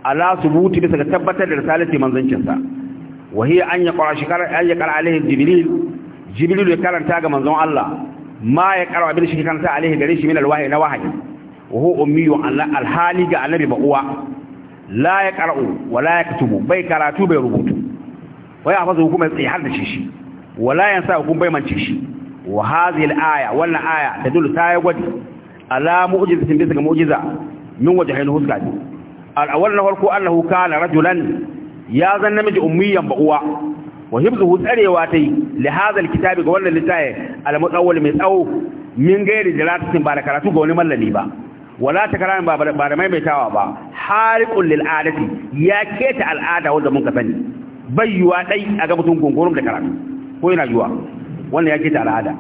ala subuti bisa ga tabbatar da risalati manzancin sa وهي أن يقرأ شكر أن يقرأ عليه جبريل جبريل يكرم تاج من زون الله ما يقرأ بين شكر عليه جريش من الوحي نوحي وهو أمي عن الحالي على النبي بقوة لا يقرأ ولا يكتب بي كراتو بي ربوتو ويحفظ حكومة إحال تشيشي ولا ينسى حكومة بي من تشيشي وهذه الآية ولا آية تدل سايا ودي على مؤجزة بسك مؤجزة من وجهين هسكاد الأول نقول أنه كان رجلا ya zan namiji ummiyan ba uwa wa hibzuhu tsarewa ta yi li hazal kitabi ga wannan littafin al mai tsawo min gairi jalatatin ba da karatu ga wani mallami ba wala takrarin ba ba da maimaitawa ba hariqul lil adati ya keta al'ada wanda mun ka sani bayyuwa dai a ga mutum gungurum da karatu ko yana yuwa wannan ya keta al'ada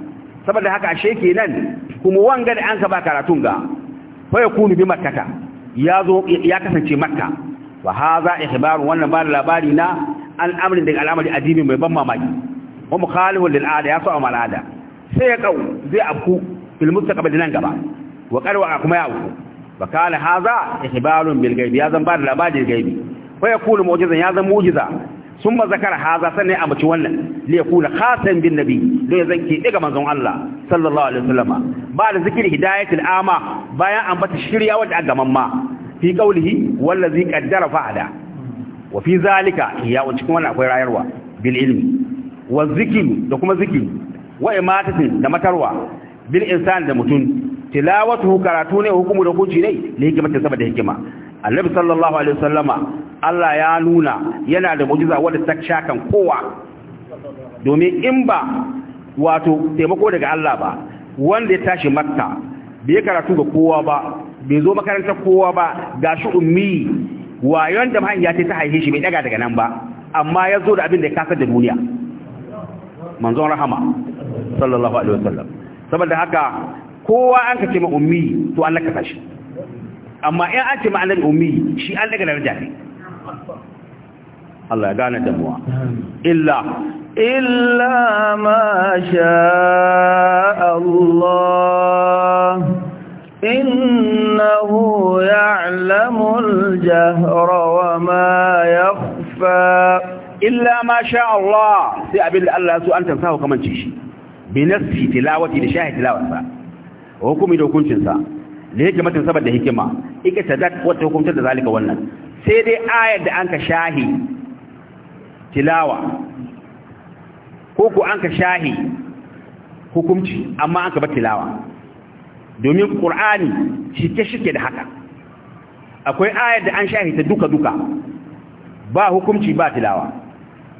saboda haka ashe kenan kuma wanga da an ka ba karatun ga fa yakunu bi makkata ya zo ya kasance makka wa hadha ihbaru wannan ba labari na al'amri daga al'amari ajibi mai ban mamaki wa mukhalifu lil ada ya sa'a mal ada sai ya kau zai afku fil mustaqbal nan gaba wa qarwa kuma ya afku wa kana hadha ihbarun bil gaibi ya zan ba labari gaibi fa yakulu mu'jizan ya zan mu'jiza ثم ذكر هذا ya امتي wannan li yakuna khatam bin nabi da zanke daga manzon Allah sallallahu alaihi wasallam ba da zikiri hidayatul ama bayan ambata shirya wanda aka mamma fi kaulihi wallazi qaddara fa'ala wa fi zalika ya cikin wannan akwai rayarwa bil ilmi wa zikri da kuma zikri wa imatatin da matarwa bil insan da mutun tilawatu karatu ne hukumu da hukunci ne ne ta saboda hikima annabi sallallahu alaihi wasallama Allah ya nuna yana da mu'jiza wadda ta shakan kowa domin in ba wato taimako daga Allah ba wanda ya tashi makka bai karatu ga kowa ba bai zo makarantar kowa ba ga shi ummi wayon da mahaifiya ce ta haife shi bai daga daga nan ba amma ya zo da abin da ya kasar da duniya manzon rahama sallallahu alaihi wasallam saboda haka kowa an ka ce ma ummi to an lakasa shi amma in an ce ma annabi ummi shi an daga daraja ne Allah ya gane damuwa illa illa ma sha Allah إنه يعلم الجهر وما يخفى إلا ما شاء الله سيأبل الله سوء أن تنساه كمان تشي بنفسه تلاوة لشاه تلاوة وحكم إذا كنت تنسى لهكما تنسى بده هكما إيكا تدك وتحكم تد ذلك ونن سيدي آية أنك شاهي تلاوة كوكو أنك شاهي hukumci amma an ka bar tilawa domin ƙur'ani shike shike da haka akwai ayar da an shahita duka duka ba hukunci ba tilawa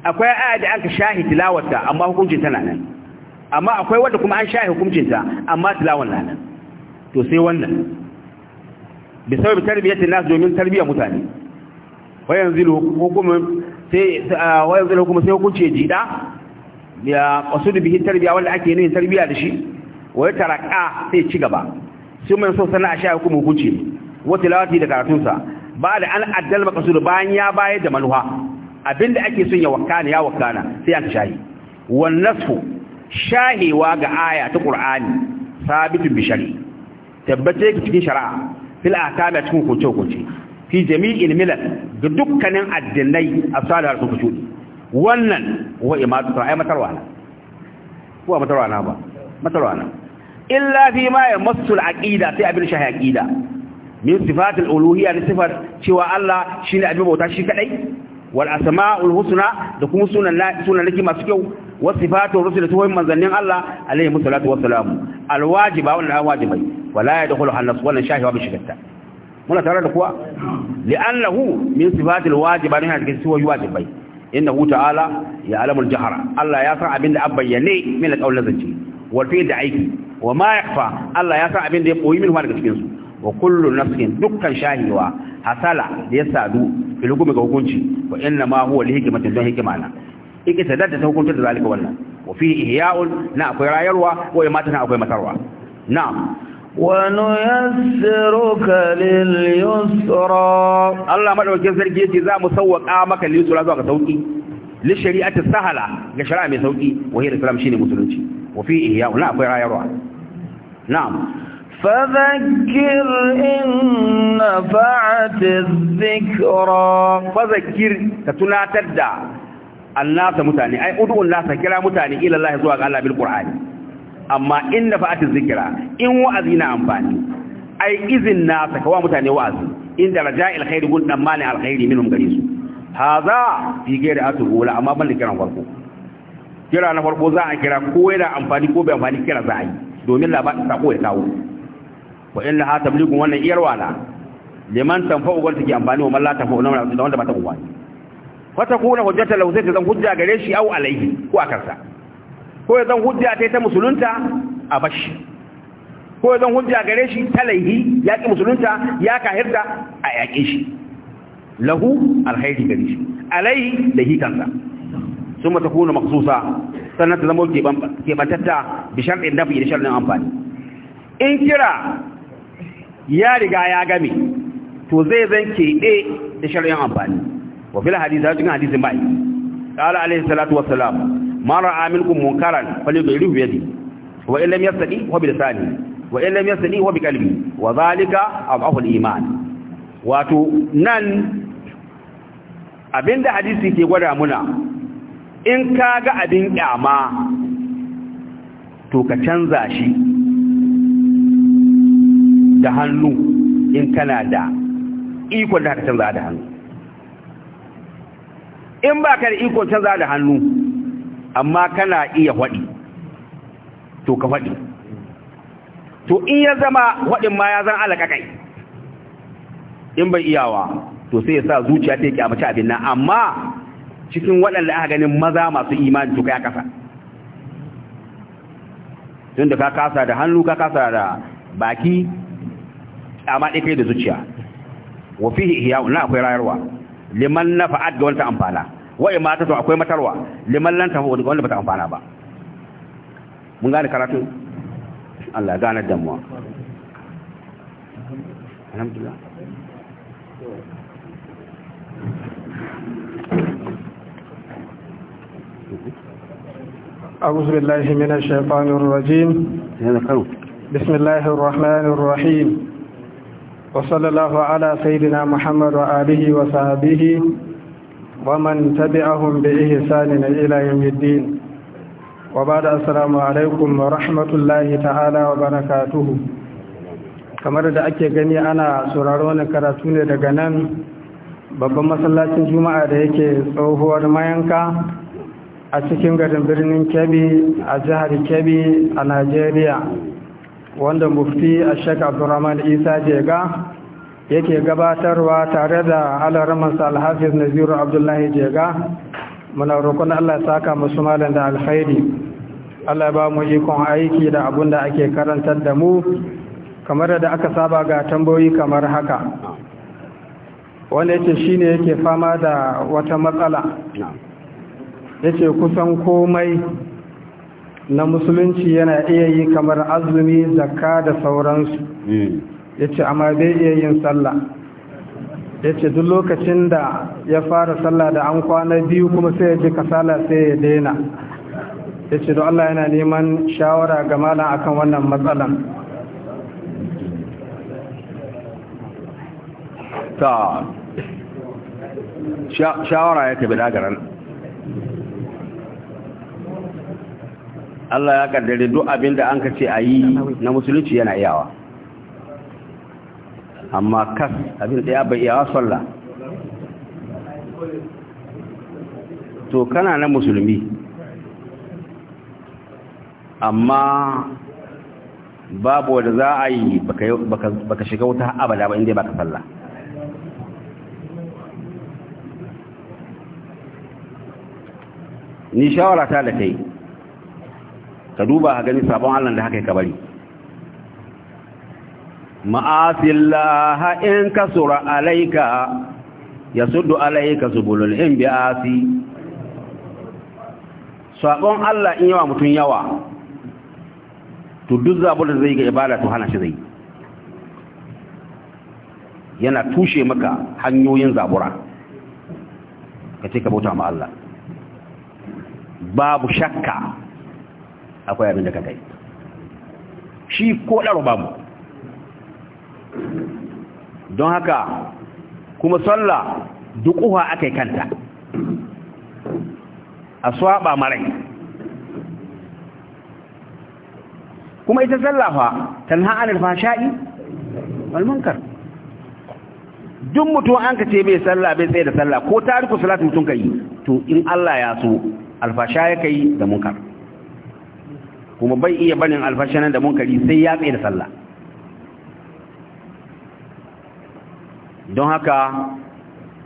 akwai ayar da ka shahi tilawarta amma hukuncin tana nan amma akwai wanda kuma an shahi hukuncinta amma tilawan na nan to sai wannan bi sababin tarbiyyatin nasu domin tarbiyyar mutane wayan zilu hukumin sai ah, sai hukunci ya jida ya qasudu bihi tarbiya wanda ake yin tarbiya da shi Wai taraka sai ci gaba shi sosa so sana a sha hukumu hukunci wa tilawati da karatunsa ba da an addal da bayan ya bayar da manuha abinda ake son ya wakana ya wakana sai an shahi wannan nasfu shahewa ga aya ta Ƙur'ani, sabitin Bishari, tabbace ki cikin shari'a fil ahkam cikin hukunci-hukunci, fi jami'in milal ga dukkanin addinai sadar su kusuri wannan wa imatu sa'a matarwa na ko matarwa na ba matarwa na illa fi ma ya masul aqida sai abin shahi aqida min sifatul uluhiyya ni sifar cewa Allah shine abin bauta shi kadai wal asma'ul husna da kuma sunan sunan laki masu kyau wa sifatul rusul da tuhoyin manzannin Allah alaihi musallatu wassalamu al wajiba wal wajibai wala yadkhulu an nas wala shahi wa bi shikatta muna tare da kuwa li'annahu min sifatil wajiba ne hadin suwa wajibai innahu ta'ala ya alamul jahra Allah ya san abin da abbayyane min al qawl lazanci walfi da aiki wa ma yakfa Allah ya sa abin da ya koyi min daga cikin su wa na nafsin dukkan shahiwa hasala da ya sadu fil hukumi ga hukunci wa inna ma huwa li hikmatin don hikima hikimana ikitadar da ta hukunta da zalika wannan wa fi ihya'un na akwai rayarwa ko ya mata na akwai matarwa na'am wa nuyassiruka lil yusra Allah madaukakin sarki yace za mu sawwaka maka lil zuwa ga sauki lil sahala ga shari'a mai sauƙi, wa hiya islam shine musulunci وفي إحياء لا في آية روح نعم فذكر إن نفعت الذكرى فذكر تتنا تدع الناس متاني أي أدعو الناس كلا متاني إلى الله زواج الله بالقرآن أما إن نفعت الذكرى إن وأذينا أنفاني أي إذن الناس كوا متاني وأذي إن درجاء الخير قلنا مانع الخير منهم قريسوا هذا في غير أتوه ولا أما بل كنا kira na farko za a kira ko yana amfani ko bai amfani kira za a yi domin labarin sako ya kawo wa in hata tabligu wannan iyar na liman tanfa'u wanda take amfani wa man la tanfa'u na wanda ba ta kuwa ta kuna hujjata lahu sai ta zan hujja gare shi au alaihi ko a kansa ko ya zan hujja ta ta musulunta a bashi ko ya zan hujja gare shi ta laihi ya ki musulunta ya kahirta a yaƙe shi lahu alhairi gare shi alaihi da hikansa ثم تكون مخصوصة سنة زمو كيبانتتا بشرط النفع لشرط أنفاني إن كرا يا رجاء يا جمي توزي زنكي إيه لشرط أنفاني وفي الحديث هذا حديث معي قال عليه الصلاة والسلام ما رأى منكم منكرا فليغيره بيده وإن لم يستطيع وبلسانه وإن لم يستطيع وبقلبه وذلك أضعف الإيمان واتو نن abinda hadisi ke gwada muna in ka ga abin ƙyama to ka canza shi da hannu in kana da ikon da ka canza da hannu in ba ka da ikon canza da hannu amma kana iya waɗi to ka waɗi. to in ya zama waɗin ma ya zan alaƙaƙai in bai iyawa to sai ya sa zuciya ta yi kyamaci abin nan amma cikin waɗanda aka ganin maza masu imani to kai kasa tun da ka kasa da hannu ka kasa da baki amma dai kai da zuciya wa fihi ihya na akwai rayarwa liman nafa'at ga wanda amfana wa imatatu akwai matarwa liman lan tafu wanda bata amfana ba mun gane karatu Allah gane damuwa alhamdulillah أعوذ بالله من الشيطان الرجيم بسم الله الرحمن الرحيم وصلى الله على سيدنا محمد وآله وصحبه ومن تبعهم بإحسان إلى يوم الدين وبعد السلام عليكم ورحمة الله تعالى وبركاته كما رد أكي gani أنا سرارون كراتون karatu babban masallacin juma'a da yake tsohuwar mayanka a cikin garin birnin kebbi a jihar kebbi a najeriya wanda mufti a shek abdurrahman isa jega yake gabatarwa tare da alaramansa alhafiz naziru abdullahi jega muna roƙon allah saka musu malam da alkhairi allah ba mu ikon aiki da abun da ake karantar da mu kamar da aka saba ga tambayoyi kamar haka wanda yake shine yake fama da wata matsala yace kusan komai na musulunci yana iya yi kamar azumi zakka da sauransu hmm. yace amma bai iya yin sallah yace duk lokacin da ya fara sallah da an kwana biyu kuma sai ya ji kasala sai ya daina yace don Allah yana neman shawara ga malam akan wannan matsalan ta shawara ya tabi garan Allah ya kaddare duk abin da an ka ce a yi na musulunci yana iyawa amma kas abin da ya bai iyawa sallah to kana na musulmi amma babu wanda za a yi baka shiga wuta abada ba inda baka sallah ni shawara ta da kai ka duba a gani sabon Allah da haka ka bari ma'asillah in kasura alayka yasuddu alayka subulul bi'asi. sabon Allah in yawa mutum yawa to duk da zai ga ibada to hana shi zai yana tushe maka hanyoyin zabura ce ka bauta ma Allah babu shakka akwai abin da ka kai shi ko ɗaro babu don haka kuma sallah duk uwa aka kanta a swaba marai kuma ita fa tanha anil fashai wal munkar duk mutum an ka ce bai sallah bai tsaye da sallah ko tariku salatu mutum kai to in Allah ya so alfasha ya kai da munkar kuma bai iya barin alfashanan da munkari sai ya tsaye da sallah don haka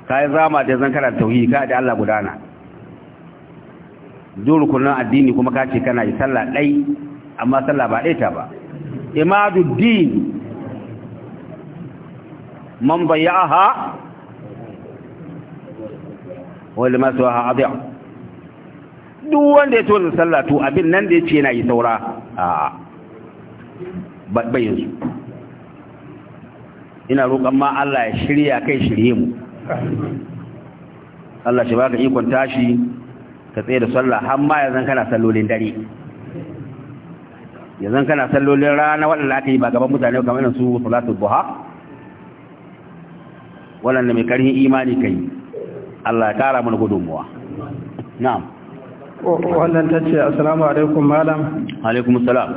ka yi zama da zan karanta tauhidi ka da Allah gudana duru rukunin addini kuma ka ce kana yi sallah ɗai amma sallah ba ɗai ta ba imaduddin man bayya'aha wal masuha adi'a duk wanda ya tozar sallah to abin nan da ya ce yana yi saura a bayan su ina roƙon ma Allah ya shirya kai shirye mu Allah shi baka ikon tashi ka tsaye da sallah har ma yanzu kana sallolin dare yanzu kana sallolin rana wadanda aka yi ba gaban mutane kamar su salatu duha waɗanda mai karhin imani kai Allah ya kara mana gudunmuwa na'am wannan ta ce assalamu alaikum malam alaikum salam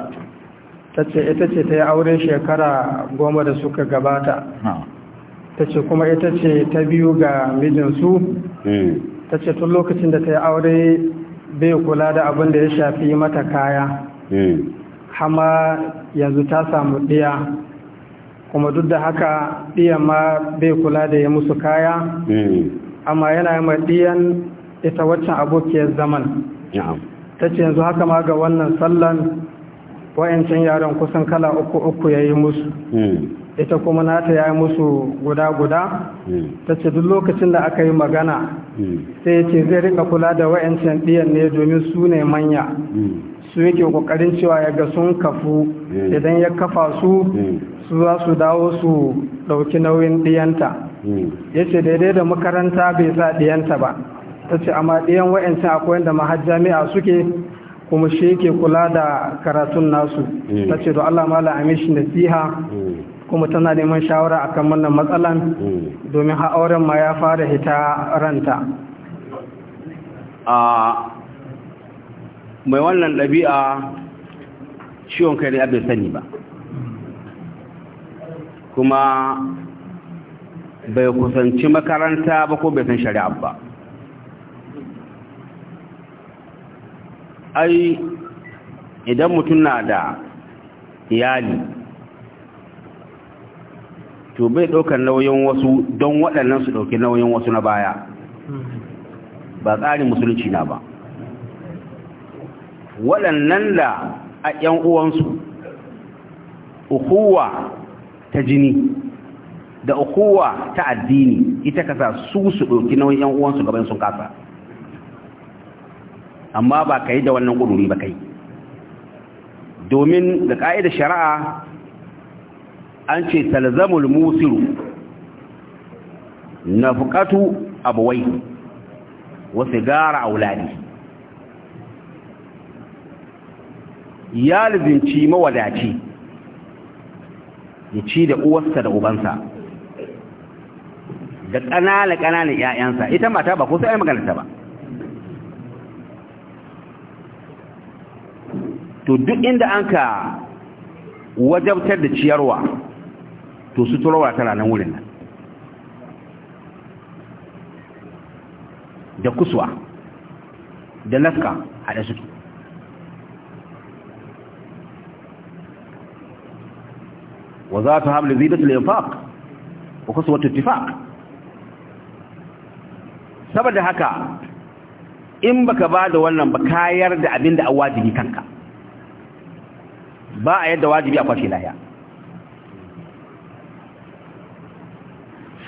ta ita ce ta yi aure shekara goma da suka gabata ta ce kuma ita ce ta biyu ga mijinsu hmm. ta ce tun lokacin da ta yi aure bai kula da abin da ya shafi mata kaya hmm. hama yanzu ta samu ɗiya kuma duk da haka ɗiya ma bai kula da ya musu kaya hmm. amma yana yi ɗiyan ita waccan abokiyar zaman ta ce yanzu haka ma ga wannan sallan wayancan yaron kusan kala uku uku ya yi musu hmm. ita kuma nata ya yi musu guda-guda hmm. Tace duk lokacin da aka yi magana hmm. sai ce zai rika kula da wayancan ɗiyan ne domin su ne manya su yake kokarin cewa ya ga sun kafu idan ya kafa su su za su dawo su ɗauki nauyin ɗiyanta ya ce daidai da makaranta bai sa ɗiyanta ba ta ce amma ɗayan wa'ancin akwai wanda mahajj jami'a suke kuma shi yake kula da karatun nasu mm. ta ce don Allah mala shi da siha mm. kuma tana neman shawara akan wannan matsalan mm. domin ha'auren ma ya fara hita ranta mai wannan ɗabi'a ciwon kai da sani ba kuma bai kusanci makaranta ba ko bai san shari'a ba ai idan mutum na da iyali to bai ɗaukar nauyin wasu don waɗannan su ɗauki nauyin wasu na baya ba tsarin musulunci na ba waɗannan da a ƴan uwansu ukuwa ta jini da ukuwa ta addini ita kasa su su ɗauki nauyin ƴan uwansu gaban sun kasa amma ba ka yi da wannan ƙuduri ba kai domin da ƙa'ida shari'a an ce talzamul musiru na fukatu abuwai wasu gara auladi ya lubinci mawadaci ya ci da uwarsa da ubansa da ƙanana ƙananan 'ya'yansa ita mata ba ko sai ai maganarta ba to duk inda an ka wajabtar da ciyarwa to suturwa ta nan wurin nan da kuswa da naska haɗe suke wa za ta hamle zidatul infaq wa kuswatu ittifaq saboda haka in baka ba da wannan ba kayar da abin da an wajibi kanka ba a yadda wajibi a kwashe lahiya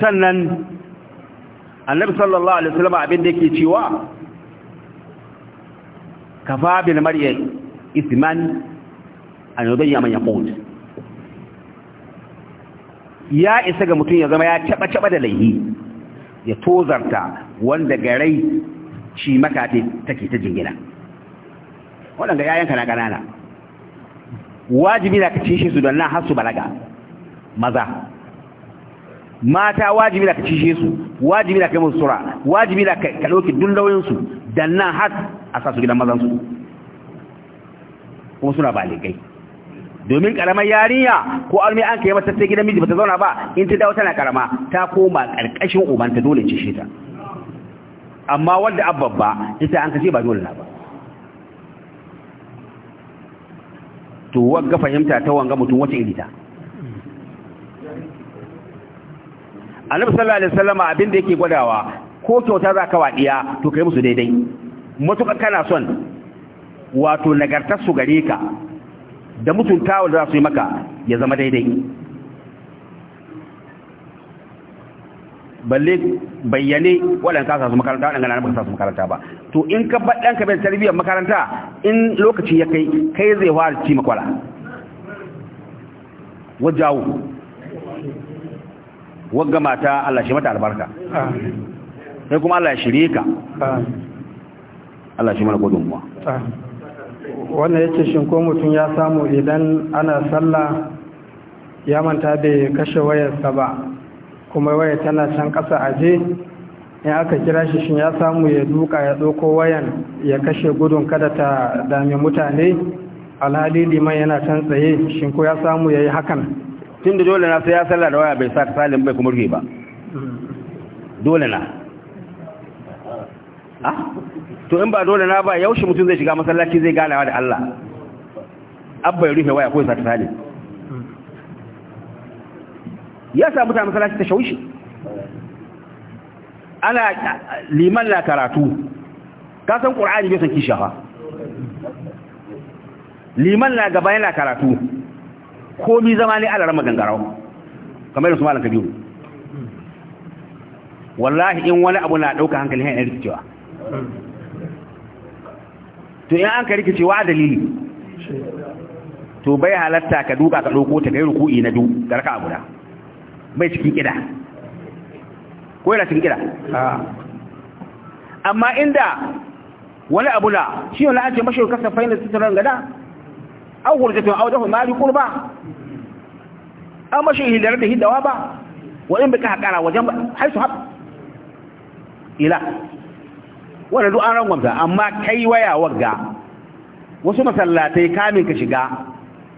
sannan annabi sallallahu alaihi wasallam abin da yake cewa kafa bil mar'i isman an yubayya man yaqut ya isa ga mutum ya zama ya taba taba da laihi ya tozarta wanda garai shi maka take ta jingina Wannan ga yayanka na kanana wajibi da ka cishe su don nan har su balaga maza mata wajibi da ka shi su wajibi da ka yi musu sura wajibi da ka ɗauki dun su don nan har a sa su gidan mazan su kuma suna baligai domin karamar yarinya ko almi an kai mata sai gidan miji bata zauna ba in ta dawo tana karama ta koma karkashin ubanta dole ce shi ta amma wanda abba ba ita an ce ba dole na ba to wanga fahimta ta wanga mutum wace iri ta annabi sallallahu alaihi wasallam abin da yake gwadawa ko kyauta za ka wadiya to kai musu daidai mutum kana son wato nagartar su gare ka da mutuntawa da za su yi maka ya zama daidai balle bayyane waɗanda ka samu makaranta waɗanda na baka samu makaranta ba to in ka baɗan ka bai tarbiyyar makaranta in lokaci ya kai kai zai fara ci makwala wajawo wagga mata Allah shi mata albarka sai kuma Allah ya shirye ka Allah shi mana gudunmuwa wannan yace shin ko mutum ya samu idan ana sallah ya manta bai kashe wayarsa ba kuma waya tana can ƙasa aje in aka kira shi shi ya samu ya duka ya ɗauko wayan ya kashe gudun kada ta dami mutane alhali liman yana can tsaye shi ko ya samu ya yi hakan tun da dole na sai ya sallah da waya bai sa ta salin bai kuma rufe ba dole na ah, to in ba dole na ba yaushe mutum zai shiga masallaci zai ganawa da Allah abba ya rufe waya ko ya sa ta salin ya sa mutane masallaci ta shawishi ana liman la karatu ka san qur'ani bai san shafa. liman la gaba yana karatu ko bi zama ne alaran magangarau kamar su malam biyu wallahi in wani abu na dauka hankali yan rikicewa to in an ka rikicewa dalili to bai halatta ka duka ka dauko ta kai ruku'i na du garka guda bai cikin kida ko yana cikin kida amma inda wani abu na shi wani an mashi mashi kasa su suturar gada an wurce tun audahu mali kurba an mashi hidarar da hidawa ba waɗin bai ka haƙara wajen haisu haɓ ila wadda duk an rangwamta amma kai waya wagga wasu masallatai kamin ka shiga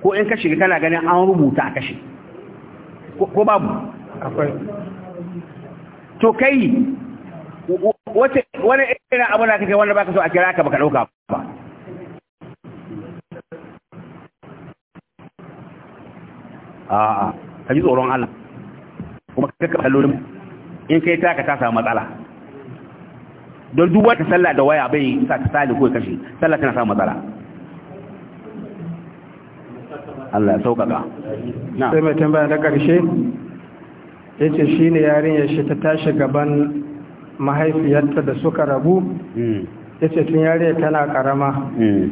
ko in ka shiga kana ganin an rubuta a kashi ko babu akwai to kai wace wani irin abu na kake wanda baka so a kira ka baka dauka ba a ka ji tsoron Allah kuma ka ka halolin in kai ta ka ta samu matsala don duk wata sallah da waya bai sa ta sali ko kashe sallah tana samu matsala Allah ya sauƙaƙa sai mai tambaya na ƙarshe ya ce shi ne ya shi ta tashi gaban mahaifiyarta da suka rabu hmm. ya ce tun yarinyar tana ƙarama hmm.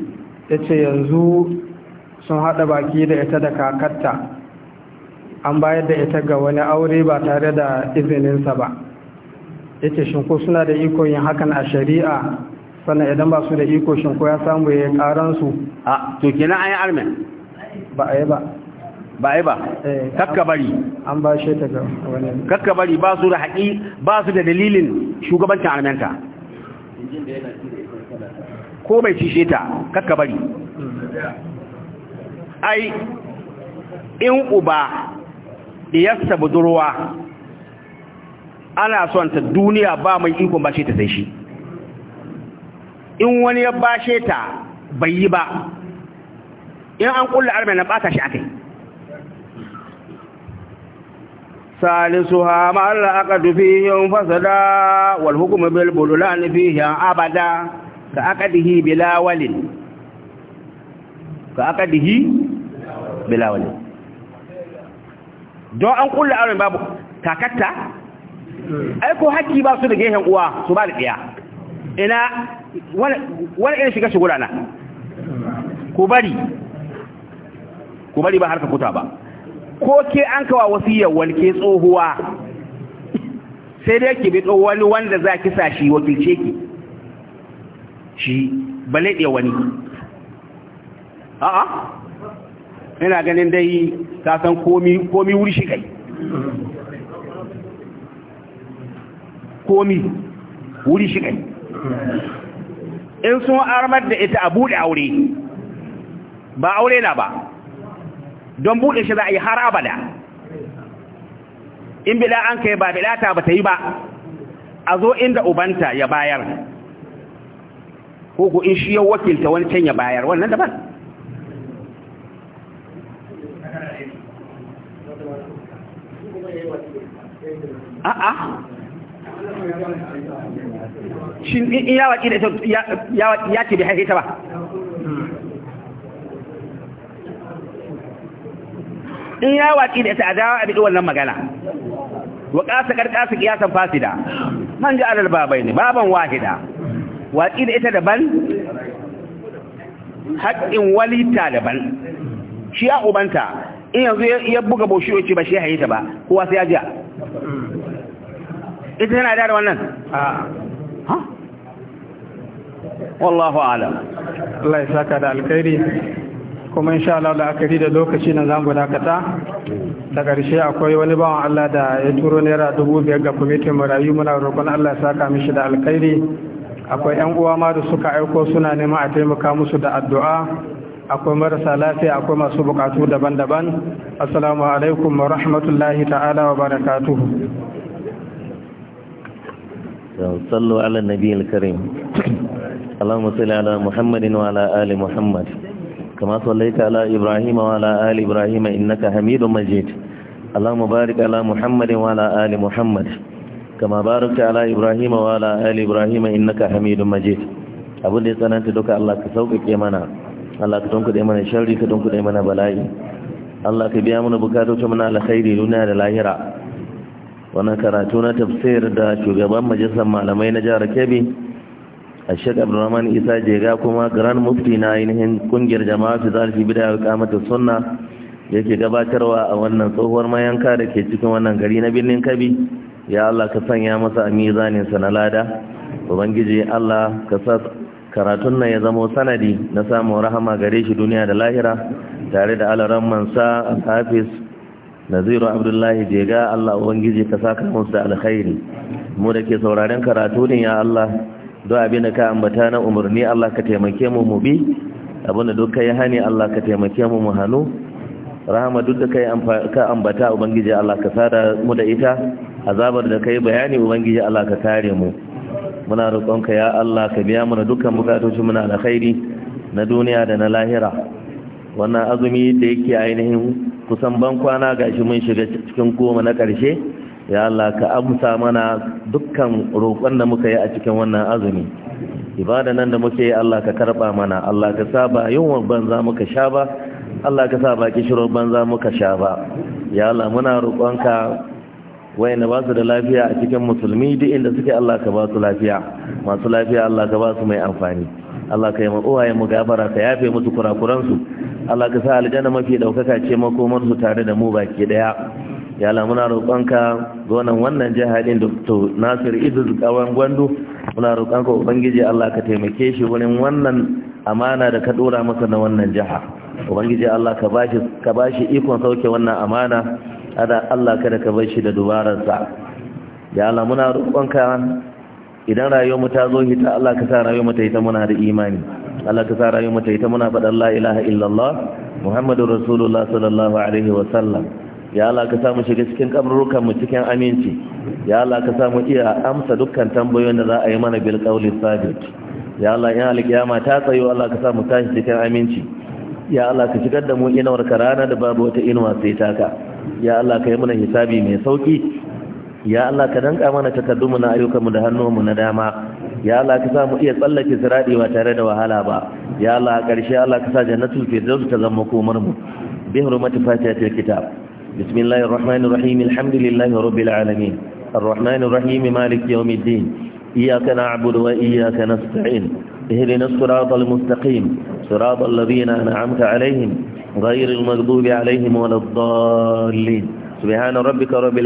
ya ce yanzu sun haɗa baki da ita da kakarta an bayar da ita ga wani aure ba tare da izininsa ba ya ce shinko suna da iko yin hakan a shari'a sannan idan ba su da iko shinko ya samu ya yi ƙaransu a to kenan an armen ba a yi ba ba a yi ba eh, kakka bari an ba shi ta gaba kakka bari ba su da haƙi ba su da dalilin shugabancin armenta ko mai cishe ta kakka bari ai in uba diyarsa budurwa ana son ta duniya ba mai ikon bashe ta sai shi in wani ya shi ta bai yi ba in an kulla arme na bata shi akai salisuha ma Allah aka dufi fasada wal hukm bil budulan fihi abada ka aqadihi bila walin ka aqadihi bila walin don an kulla arme babu takatta ai ko haƙƙi ba su da gehen uwa su ba da ina wani irin shiga shugurana na ku bari ku bari ba harka kuta ba ko ke an kawa wasiyar walke tsohuwa sai dai ki bi tsohuwar wanda za ki sa shi wakilce ki shi bale ɗaya wani a'a ina ganin dai ta san komi komi wuri shi kai komi wuri shi kai in sun armar da ita a buɗe aure ba aure na ba don buɗe shi za a yi har abada in bila an kai ba bilata ba ta yi ba a zo inda ubanta ya bayar ko ko in shi ya wakilta wani can ya bayar wannan daban a'a shin in ya da ya ce bai haifita ba in ya waki da ita a dawo a bi wannan magana wa ƙasa ƙarƙasa ƙiyasan fasida man ji alal babai ne baban wahida waki da ita daban haƙƙin walita daban shi a ubanta in yanzu ya buga boshi ya ce ba shi ya ta ba kowa sai ya jiya ita yana da wannan ha wallahu alam Allah ya saka da alkhairi kuma insha Allah la'akari da lokaci na zamu dakata da ƙarshe akwai wani bawan Allah da ya turo naira dubu biyar ga kwamitin marayu muna roƙon Allah ya saka mishi da alkhairi akwai yan uwa ma da suka aiko suna neman a taimaka musu da addu'a akwai marasa lafiya akwai masu bukatu daban-daban assalamu alaikum wa rahmatullahi ta'ala wa barakatuhu صلوا على النبي الكريم اللهم صل Muhammadin محمد وعلى آل كما صليت على إبراهيم وعلى آل إبراهيم إنك حميد مجيد اللهم بارك على محمد وعلى آل محمد كما باركت على إبراهيم وعلى آل إبراهيم إنك حميد مجيد أبو دي سنانت دوك الله كسوكك يمنا الله كتنكد يمنا شري كتنكد يمنا بلاي Allah ka biya mana bukatu ta mana alkhairi duniya da lahira wannan karatu na tafsir da shugaban majalisar malamai na jihar Kebbi a shekar rahman isa jega kuma grand mufti na ainihin ƙungiyar jama'a su zarafi bida ya kamata sunna yake gabatarwa a wannan tsohuwar mayanka da ke cikin wannan gari na birnin kabi ya allah ka sanya masa a mizaninsa na lada ubangiji allah ka karatun nan ya zamo sanadi na samun rahama gare shi duniya da lahira tare da alaran mansa hafiz naziru abdullahi jega allah ubangiji ka saka musu da alkhairi mu da ke sauraren karatu ne ya allah don abin da ka ambata na umarni Allah ka taimake mu mu bi abin da duka ya hani Allah ka taimake mu mu hannu rahama duk da kai ka ambata ubangiji Allah ka sada mu da ita azabar da kai bayani ubangiji Allah ka kare mu muna ka ya Allah ka biya mana dukkan bukatocin muna da khairi na duniya da na lahira wannan azumi da yake ainihin kusan ban kwana gashi mun shiga cikin goma na ƙarshe ya Allah ka amsa mana dukkan roƙon da muka yi a cikin wannan azumi ibada nan da muke yi Allah ka karba mana Allah ka saba yunwa banza muka sha ba Allah ka saba kishiro banza muka sha ba ya Allah muna roƙonka wayanda ba su da lafiya a cikin musulmi duk inda suke Allah ka ba lafiya masu lafiya Allah ka ba su mai amfani Allah ka yi mu uwaye mu gafara ka yafe musu kurakuransu Allah ka sa aljanna mafi daukaka ce makomar su tare da mu baki daya ya lamuna muna roƙonka gonan wannan jiha din Dr. Nasir Idris Kawan Gwandu muna roƙonka ubangiji Allah ka taimake shi wurin wannan amana da ka ɗora masa na wannan jiha ubangiji Allah ka bashi ka bashi ikon sauke wannan amana ada Allah kada ka bar shi da dubaran sa ya lamuna muna roƙonka idan rayuwar mu ta zo hita Allah ka sa rayuwar mu ta hita muna da imani Allah ka sa rayuwar mu ta hita muna faɗan la ilaha illallah Muhammadur Rasulullah sallallahu alaihi wa sallam ya Allah ka samu shiga cikin kamrurukan mu cikin aminci ya Allah ka samu iya amsa dukkan tambayoyin da za a yi mana bil qawli sabit ya Allah ya alkiyama ta tsayo Allah ka samu tashi cikin aminci ya Allah ka shigar da mu inuwar ka rana da babu wata inuwa sai taka ya Allah ka yi mana hisabi mai sauki ya Allah ka danka mana takaddumu na ayyukanmu da hannunmu na dama ya Allah ka samu iya tsallake siradi ba tare da wahala ba ya Allah karshe Allah ka sa jannatul firdaus ta zama komar mu bi hurmati fatihatil kitab بسم الله الرحمن الرحيم الحمد لله رب العالمين الرحمن الرحيم مالك يوم الدين إياك نعبد وإياك نستعين اهدنا الصراط المستقيم صراط الذين أنعمت عليهم غير المغضوب عليهم ولا الضالين سبحان ربك رب